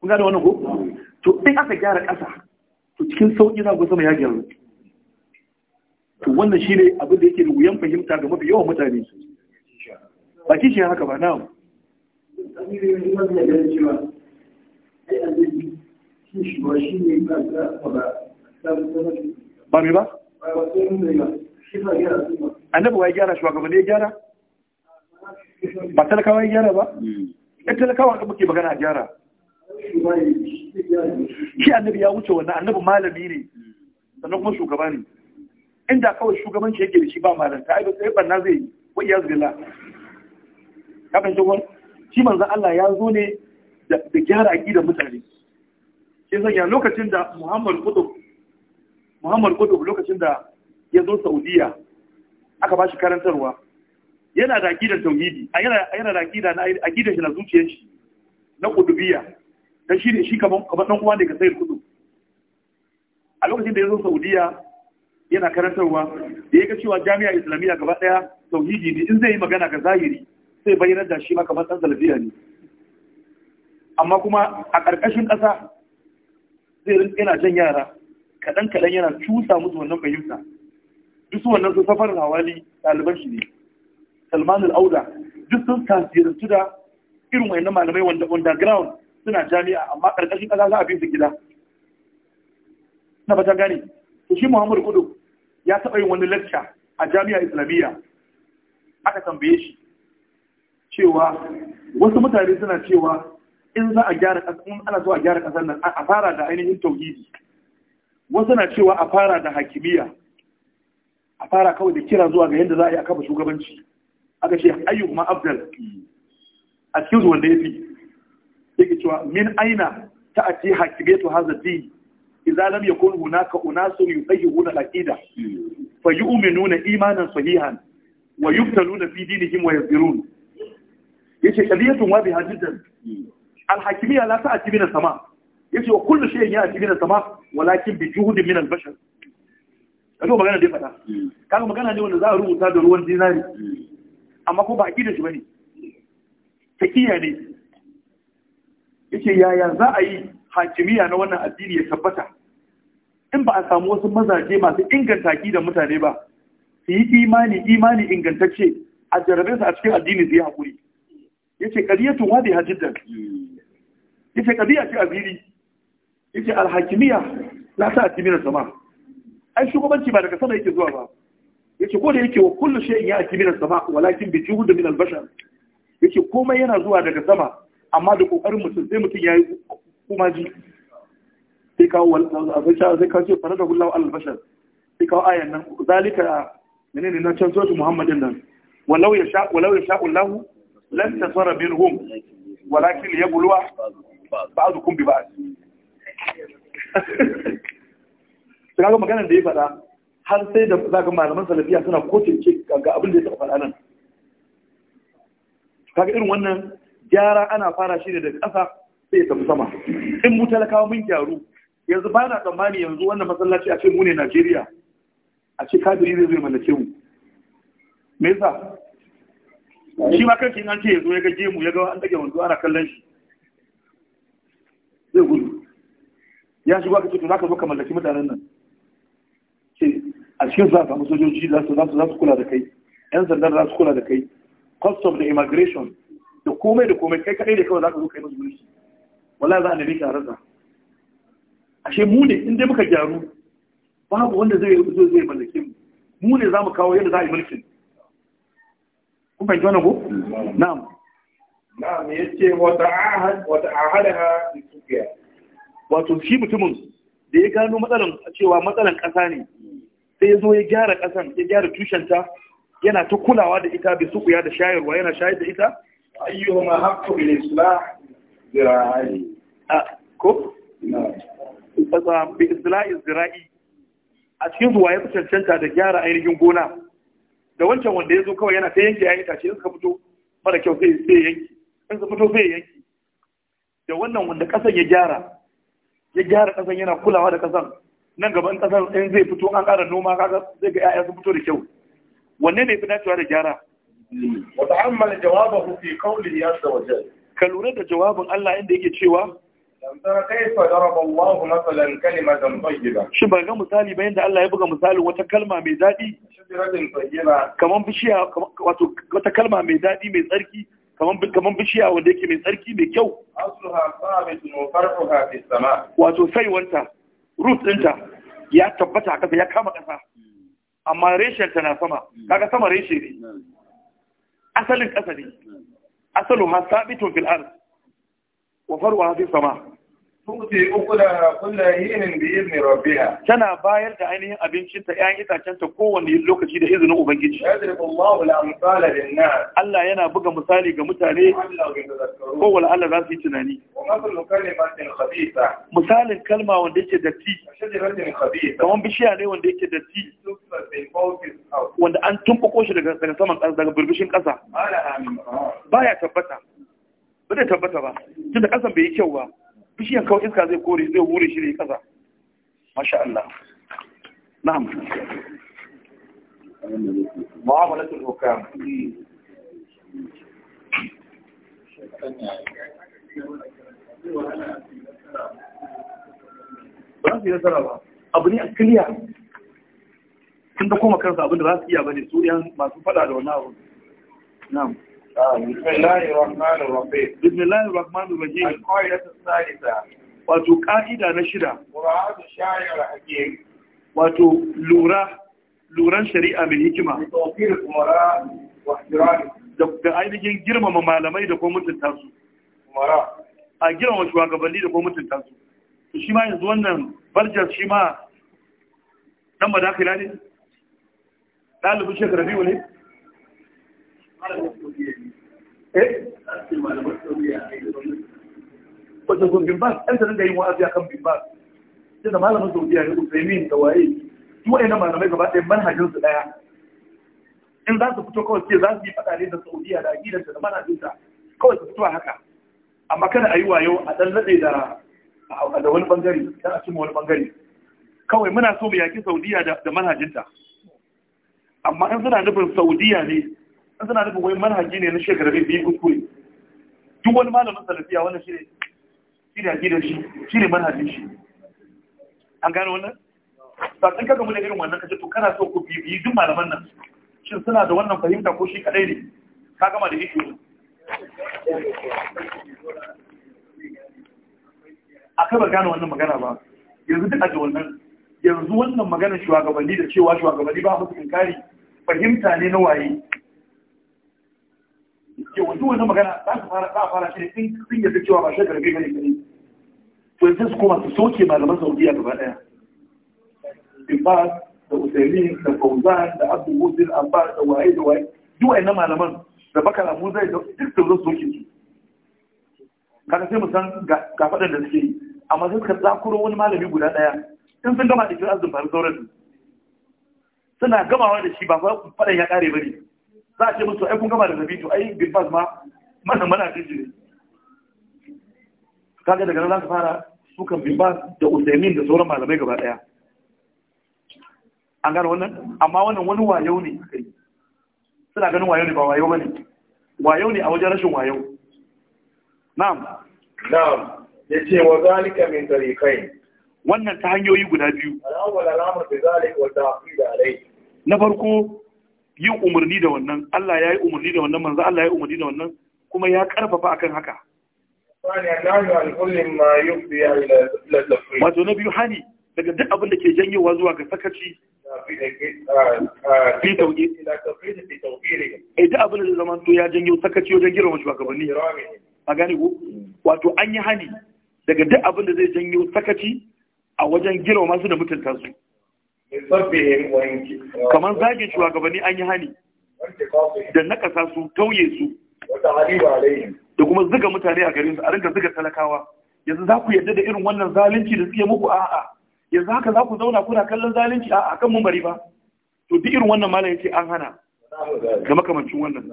Speaker 1: kun gane wannan ko to in aka gyara ƙasa to cikin sauƙi za ku sama ya gyaru to wannan shi ne abin da yake da wuyan fahimta ga mafi yawan mutane ba kishi haka ba na'am shi ne ba za ba ba mai ba annabi wa ya gyara shugabanni ya gyara ba talakawa ya gyara ba ya talakawa ga muke magana a gyara shi annabi ya wuce wannan annabi malami ne sannan kuma shugaba ne inda kawai shugabanci yake da shi ba malanta ai ba sai banna zai yi wa iyaz billah ka fahimta ko shi manzon Allah ya zo ne da gyara aqidar mutane sai zan ya lokacin da Muhammad Kudu. muhammad kutub lokacin da ya zo saudiya aka ba shi karantarwa yana da akidar tauhidi yana da akida na akidar shi na zuciyar shi na kudubiya Da shi ne shi kamar uwa ne ga sayar kudu a lokacin da ya zo saudiya yana karantarwa da ya ga cewa jami'a islamiyya gaba daya tauhidi ne in zai yi magana ga zahiri sai bayyana da shi ma kamar dan salafiya ne amma kuma a ƙarƙashin ƙasa zai rinka yana jan yara kaɗan kaɗan yana cusa musu wannan fahimta duk wannan sun safar hawali ɗaliban shi ne salman al'auda duk sun tasirantu da irin wayannan malamai wanda underground suna jami'a amma ƙarƙashin ƙasa za a fi su gida na fata gane to shi muhammadu kudu ya taɓa yin wani lacca a jami'a islamiyya aka tambaye shi cewa wasu mutane suna cewa in za a gyara ƙasa in ana so a gyara ƙasar nan a fara da ainihin tauhidi wasu na cewa a fara da hakimiyya a fara kawai da kira zuwa ga yadda za a yi a kafa shugabanci aka ce ayyub ma abdal a cikin zuwan da ya fi yake cewa min aina ta ati hakimiyatu hadha din idza lam yakun hunaka yi yusayyi'una al-aqida fa yi yu'minuna imanin sahihan wa yi yubtaluna fi dini dinihim wa yazirun yace kadiyatun wa bi hadidan al-hakimiyya la ta'ti min sama yace wa kullu shay'in ya min as-sama walakin bi juhudin min al-bashar kaga magana da fada kaga magana ne wanda za a rubuta da ruwan dinari amma ko ba a kida shi bane takiya ne yace yaya za a yi hakimiya na wannan addini ya tabbata in ba a samu wasu mazaje masu inganta da mutane ba su yi imani imani ingantacce a jarabe su a cikin addini su yi hakuri yace qadiyatun wadi hajiddan yace kadiya ce aziri yace alhakimiyya la ta'ti min as-sama ai shugabanci ba daga sama yake zuwa ba Yake ko da yake wa kullu shay'in ya'ti min as-sama walakin bi juhud min al Yake komai yana zuwa daga sama amma da kokarin mutum sai mutum yayi kuma ji sai kawo sai kawo ce fara da gullawa al-bashar sai kawo ayan nan zalika menene na can sosu muhammadin nan walau ya sha walau ya sha Allahu lan tasara minhum walakin yabluwa ba'dukum bi ba'd su kaga maganar da ya faɗa har sai da za ga malaman salafiya suna kotun ce ga abin da ya taɓa faɗa nan kaga irin wannan gyara ana fara shi ne da ƙasa sai ya tafi sama in mu talakawa mun gyaru yanzu ba na tsammani yanzu wannan masallaci a ce mu ne najeriya a ce kadiri zai zai mallake mu me yasa shi ma kanki an ce ya zo ya ga gemu ya ga an dage wanzu ana kallon shi zai gudu ya shigo aka ce to zaka zo ka mallaki mutanen nan ce a cikin za samu sojoji za su za su kula da kai yan sanda za su kula da kai custom da immigration da komai da komai kai kadai da kawai zaka zo kai musu mulki wallahi za a nemi ka rasa ashe mu ne in dai muka gyaru babu wanda zai zo zai mallake mu mu ne zamu kawo yadda za a yi mulkin kun fahimci wannan ko mm. na'am na'am yace wata ahad wata ahadaha bi tukiya wato shi mutumin da ya gano matsalan cewa matsalan ƙasa ne sai ya zo ya gyara ƙasan ya gyara tushenta yana ta kulawa da ita bai sukuya da shayarwa yana shayar da ita ayyuhuma haqqu bil islah zira'i a ko bi zira'i a cikin zuwa ya fi cancanta da gyara ainihin gona da wancan wanda ya zo kawai yana ta yanke yayin tashi suka fito mara kyau sai sai yanki in fito sai yanki da wannan wanda ƙasan ya gyara ya gyara kasan yana kulawa da kasan nan gaban kasan in zai fito an ƙara noma kaga zai ga 'ya'ya sun fito da kyau wanne ne fi cewa da gyara wa ta'ammal jawabahu fi qawlihi ya wa wajen. ka lura da jawabin Allah inda yake cewa lam tara kayfa daraba Allahu masalan kalimatan tayyiba shi ba ga misali ba yanda Allah ya buga misalin wata kalma mai dadi Kamar tayyiba kaman bishiya wato wata kalma mai dadi mai tsarki kaman bishiya wanda yake mai tsarki mai kyau wato saiwanta root ɗinta ya tabbata a ƙasa ya kama ƙasa amma reshen ta na sama kaga sama reshe ne asalin ƙasa ne asalu ha sabitun fil ard wa farwa fi sama tuti ukula kulla hinin bi izni rabbiha tana bayar da ainihin abincin ta 'ya'yan itacen ta kowanne lokaci da izinin ubangiji yadribullahu al-amsala lin-nas Allah yana buga misali ga mutane ko wala Allah za su yi tunani misalin kalma wanda yake datti kamar bishiya ne wanda yake datti wanda an tumbuko shi daga daga saman ƙasa daga burbushin ƙasa baya tabbata ba da tabbata ba tunda ƙasan bai yi kyau ba بشيء كم إذا كذا كوري إذا هو رشري كذا ما شاء الله نعم معاملة الحكام برأسي يا سلام أبني أكليا كنت أقوم أكرز أبني برأسي يا بني ما سوف أدعو نعم بسم الله الرحمن الرحيم بسم الله الرحمن الرحيم القاعدة الثالثة wato ƙa'ida na shida wato lura luran shari'a mai hikima da ainihin girmama malamai da kuma mutunta su a girmama shugabanni da kuma mutunta su shi ma yanzu wannan barjar shi ma dan madafila ne ɗalibin shekaru biyu ne Eh? wata sun bin bas ɗan sanin da yin wa'azi akan bin bas sai da malamin saudiya ne usaimin da waye su wa'ina malamai gaba ɗaya manhajinsu ɗaya in za su fito kawai ce za su yi faɗa ne da saudiya da aƙidanta da manhajinta kawai su fito haka amma kada a yi wayo a ɗan laɗe da da wani ɓangare, don a cimma wani ɓangare. kawai muna so mu yaƙi saudiya da manhajinta amma in suna nufin saudiya ne suna nufin wai manhaji ne na shekarar biyu biyu kuskure duk wani malamin salafiya wannan shi ne shi ne gidan shi shi ne manhajin shi an gano wannan ba tsin kaga mu da irin wannan kace to kana so ku bibiyi duk malaman nan shin suna da wannan fahimta ko shi kadai ne ka gama da ido a ba gano wannan magana ba yanzu duk aje wannan yanzu wannan magana shugabanni da cewa shugabanni ba su kari fahimta ne na waye cewa duk wani magana za su fara za a fara shi in sun yadda cewa ba shakar biyu gani gani to yanzu su koma su soke malaman saudiya gaba daya ibas da usaini da fauzan da abdul musil abba da waye da waye duk wa'annan malaman da baka mu zai da duk da su soke su kaga sai mu san ga faɗin da suke yi amma sai suka zakuro wani malami guda ɗaya in sun gama da kira azumin faru sauran suna gamawa da shi ba faɗin ya ƙare ba ne za a ce musu ai kun gama da zabi to ai bin ma mana mana dinji kaga daga nan za ka fara sukan bin da usaimin da sauran malamai gaba daya an gano wannan amma wannan wani wayo ne kai suna ganin wayo ne ba wayo ba ne. wayo ne a wajen rashin wayo na'am na'am ce wa zalika min kai. wannan ta hanyoyi guda biyu al'awwal alamar bi zalika wa ta'qid alayhi na farko yin umarni da wannan Allah ya yi umarni da wannan manzo Allah ya yi umarni da wannan kuma ya karfafa akan haka wato na biyu hani daga duk abin da ke janyowa zuwa ga sakaci a eh, duk abin da zaman to ya janyo sakaci wajen girma shugabanni a gane ku wato an yi hani daga duk abin da zai janyo sakaci a wajen girma masu da mutunta su kamar zagin shugabanni an yi hani da nakasa su tauye su da kuma ziga mutane a garin su a rinka ziga talakawa yanzu za ku yadda da irin wannan zalunci da suke muku a'a yanzu haka za ku zauna kuna kallon zalunci a'a kan mun bari ba to duk irin wannan malam yace an hana ga makamancin wannan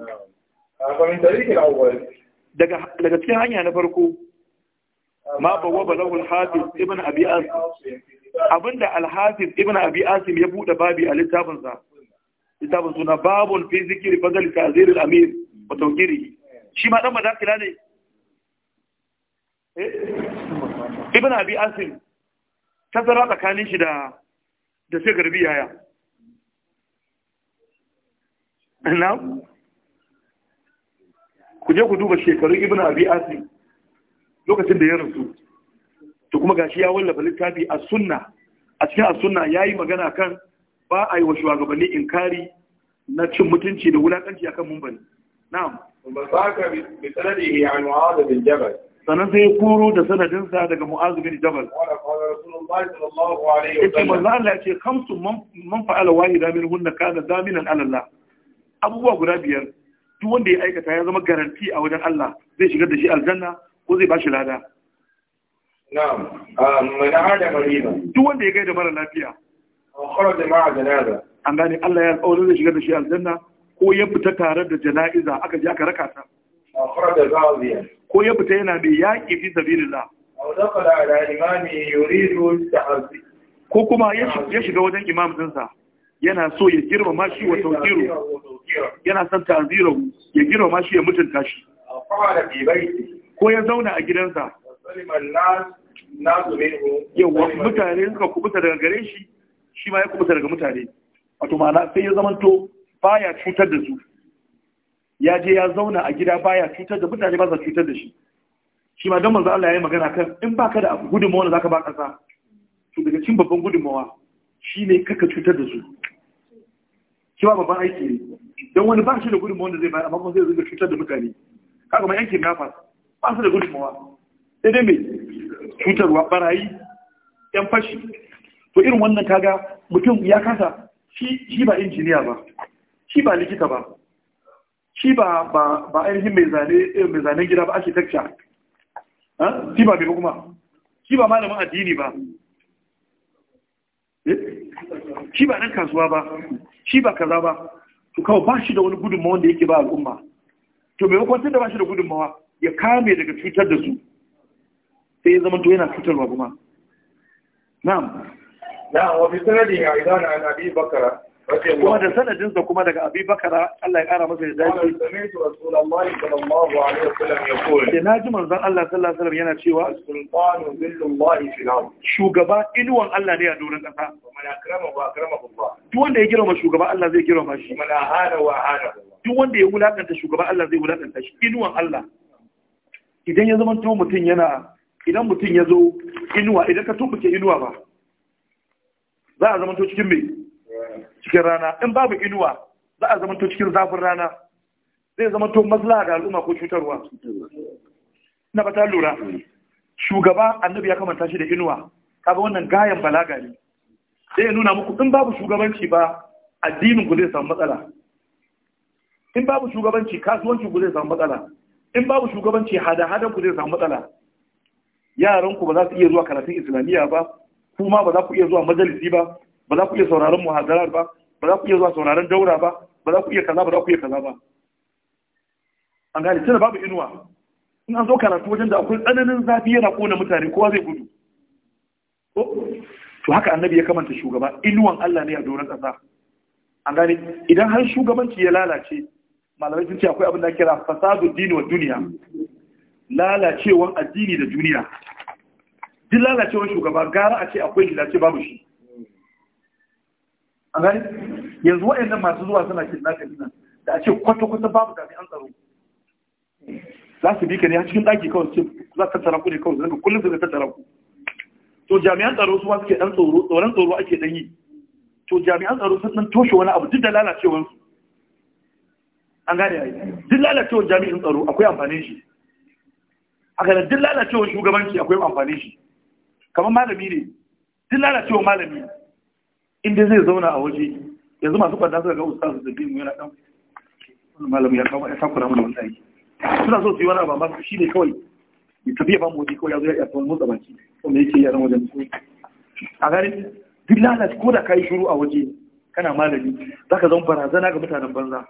Speaker 1: daga daga cikin hanya na farko ma bawa balahul hafiz ibn abi as abinda alhafiz ibn abi asim ya bude babi a littafinsa littafin suna babun fi zikiri fadal ta'zir al-amir wa tawqirihi shi ma dan madakila ne eh? ibn abi asim ta tazara tsakanin shi da da sai garbi yaya na ku je ku duba shekarun ibn abi asim lokacin da ya rasu to kuma gashi ya wallafa littafi a sunna a cikin a sunna ya yi magana kan ba a yi wa shugabanni inkari na cin mutunci da wulakanci akan mumbari na'am basaka bi sanadihi bin jabal sanan sai kuro da sanadin sa daga mu'azu bin jabal ita manzo Allah ce kamsu man fa'ala wahida hunna kana zaminan ala Allah abubuwa guda biyar duk wanda ya aikata ya zama garanti a wajen Allah zai shigar da shi aljanna ko zai ba shi lada hada duk wanda ya gaida mara lafiya da. an gane Allah ya alƙawarin da shiga da shi aljanna ko ya fita tare da jana'iza aka je aka raka ta da ko ya fita yana mai yaƙi fi sabilillah ko kuma ya shiga wajen imam dinsa yana so ya girmama shi wa taukiru yana son ta'azirahu ya girmama shi ya mutunta shi da ko ya zauna a gidansa yawa mutane suka kubuta daga gare shi shi ma ya kubuta daga mutane wato tumana sai ya zamanto baya cutar da su ya je ya zauna a gida baya cutar da mutane ba su cutar da shi shi ma don manzo Allah ya yi magana kan in baka da gudunmawa da zaka ba kasa to daga cin babban gudunmawa shi ne kaka cutar da su shi ma babban aiki ne don wani ba shi da gudunmawa da zai bayar amma kuma zai zuga cutar da mutane kaga ma yankin nafa ba su da gudunmawa sai dai mai cutarwa barayi yan fashi to irin wannan kaga mutum ya kasa shi ba injiniya ba shi ba likita ba shi ba ba ainihin eh, mai zanen gida ba architecture ah, shi ba mai kuma shi ba malamin addini ba eh? shi ba ɗan kasuwa ba shi ba kaza ba to kawai ba shi da wani gudunmawa da yake ba al'umma to mai tun da ba shi da gudunmawa ya kame daga cutar da su sai ya zama to yana cutarwa kuma na'am na'am wa ya idan an abi bakara kuma da sanadin sa kuma daga abi bakara Allah ya kara masa da dace sami'tu rasulullahi sallallahu alaihi wasallam da naji manzon Allah sallallahu alaihi wasallam yana cewa sultanu billahi shugaba inuwan Allah ne a doron kasa akrama duk wanda ya girma shugaba Allah zai girma shi wa duk wanda ya wulakanta shugaba Allah zai wulakanta shi inuwan Allah idan ya zama to mutum yana idan mutum ya zo inuwa idan ka tumbuke inuwa ba za a zamanto cikin mai cikin rana in babu inuwa za a zamanto cikin zafin rana zai zamanto mazla ga al'umma ko cutarwa na ba ta lura shugaba annabi ya kamanta shi da inuwa kaga wannan gayan balaga ne sai ya nuna muku in babu shugabanci ba addinin ku zai samu matsala in babu shugabanci kasuwancin ku zai samu matsala in babu shugabanci hada-hadan ku zai samu matsala yaranku ba za su iya zuwa karatun islamiyya ba kuma ba za ku iya zuwa majalisi ba ba za ku iya sauraron muhazarar ba ba za ku iya zuwa sauraron daura ba ba za ku iya kaza ba za ku iya kaza ba an gane tunda babu inuwa in an zo karatu wajen da akwai tsananin zafi yana kona mutane kowa zai gudu to haka annabi ya kamanta shugaba inuwan Allah ne a doron kasa an gane idan har shugabanci ya lalace malamai sun ce akwai abin da kira fasadu dini wa duniya lalacewan addini da duniya duk lalacewan shugaba gara a ce akwai gida ce babu shi a gani yanzu waɗannan masu zuwa suna kidnapping nan da a ce kwata-kwata babu jami'an tsaro za su bi ka ne a cikin ɗaki kawai ce za su tattara ku ne kawai zanga kullum su tattara ku to jami'an tsaro su ke dan tsoro tsoron tsoro ake dan yi to jami'an tsaro sun dan toshe wani abu duk da lalacewar su an gane yi duk lalacewar jami'in tsaro akwai amfanin shi a ga duk lalacewar shugabanci akwai amfani shi kamar malami ne duk lalacewar malami inda zai zauna a waje yanzu masu kwanta suka ga ustaz da bin yana dan wannan malami ya kawo ya sakura mana wannan aiki suna so su yi wani abu amma shi ne kawai ya tafi ya bamu waje kawai ya zo ya yi tsawon motsa baki me yake yaran wajen ko a gani duk lalace ko da kai shiru a waje kana malami za ka zama barazana ga mutanen banza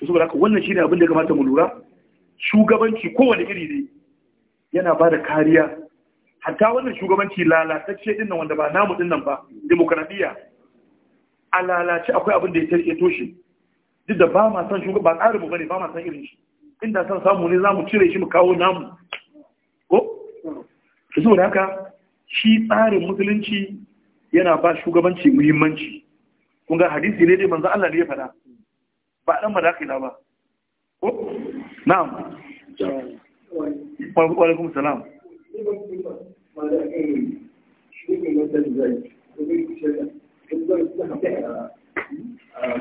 Speaker 1: su saboda haka wannan shi ne abin da ya kamata mu lura shugabanci kowane iri ne yana ba da kariya hatta wannan shugabanci lalatacce din nan wanda ba namu din nan ba demokradiyya a lalace akwai abin da ya tarke toshe duk da ba ma san shugaba ba tsarin mu bane ba ma san irin shi inda san samu ne zamu cire shi mu kawo namu ko da haka shi tsarin musulunci yana ba shugabanci muhimmanci kun ga hadisi ne dai manzo Allah ne ya fada ba dan madakila ba ko na'am wa alaikum salam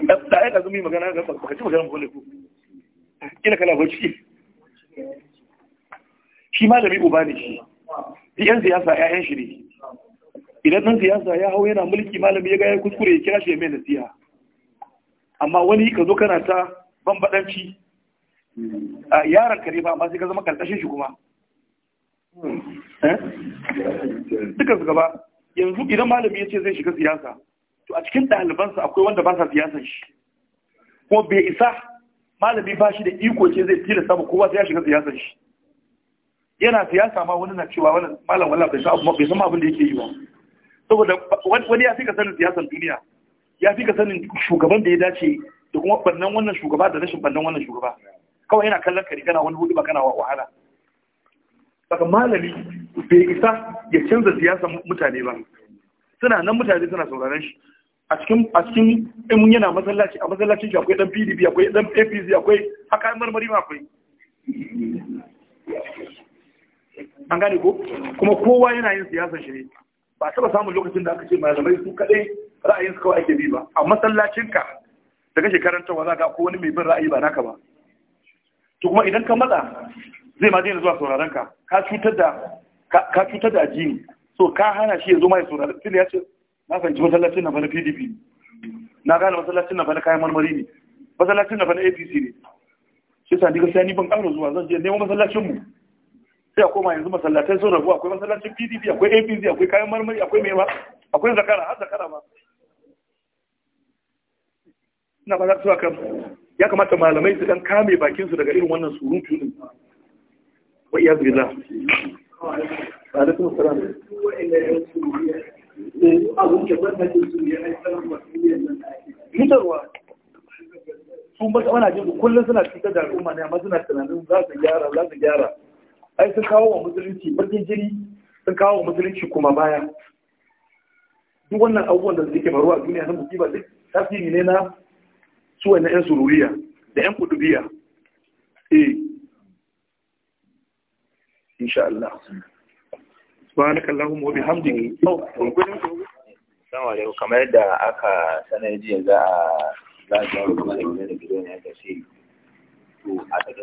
Speaker 1: da aika zumi magana ga magana kana bacci shi malami uba ne shi yan siyasa shi ne idan ɗan siyasa ya hau yana mulki malami ya ga ya kuskure ya kira shi ya mai nasiha amma wani ka zo kana ta bambadanci a yaron ka ne ba amma sai ka zama karkashin shi kuma eh? duka su gaba yanzu idan malami ya ce zai shiga siyasa to a cikin ɗalibansa akwai wanda ba sa siyasa shi ko bai isa malami ba shi da iko ce zai tilasta ba kowa sai ya shiga siyasa shi yana siyasa ma wani na cewa wani malam wala bai san abin da yake yi ba saboda wani ya fi ka sanin siyasan duniya ya fi ka sanin shugaban da ya dace da kuma bannan wannan shugaba da rashin bannan wannan shugaba kawai yana kallon kare gana wani hudu ba wa wahala daga malami bai isa ya canza siyasa mutane ba suna nan mutane suna sauraron shi a cikin a cikin in yana masallaci a masallacin shi akwai dan PDP akwai dan APC akwai haka marmari ma akwai an gane ko kuma kowa yana yin siyasar shi ne ba taba samun lokacin da aka ce malamai su kadai ra'ayin su kawai ake bi ba a masallacinka daga shekarar tawa za ka ko wani mai bin ra'ayi ba naka ba to kuma idan ka matsa zai ma daina zuwa sauraron ka ka cutar da ka cutar da ajini so ka hana shi ya ma ya saurari tunda ya ce na fahimci masallacin na bana PDP na gane masallacin na bana kayan marmari ne masallacin na bana APC ne shi sa diga gaskiya ni ban ƙara zuwa zan je neman masallacin mu sai a koma yanzu masallatai sun rabu akwai masallacin PDP akwai APC akwai kayan marmari akwai mewa akwai zakara har zakara ba ina ba za su kan ya kamata malamai su dan kame bakin su daga irin wannan surutu din wa iyaz billah alaikum assalam fitarwa sun ba wani jin kullum suna cutar da al'umma ne amma suna tunanin za su gyara za su gyara ai sun kawo wa musulunci bakin jini sun kawo wa musulunci kuma baya duk wannan abubuwan da suke faruwa a duniya na musiba duk tasiri ne na su wani yan sururiya da yan kudubiya eh insha Allah subhanaka allahumma wa bihamdika assalamu alaikum kamar da aka sanar jiya za a za a jawo mana gidan da gidan ya kace to a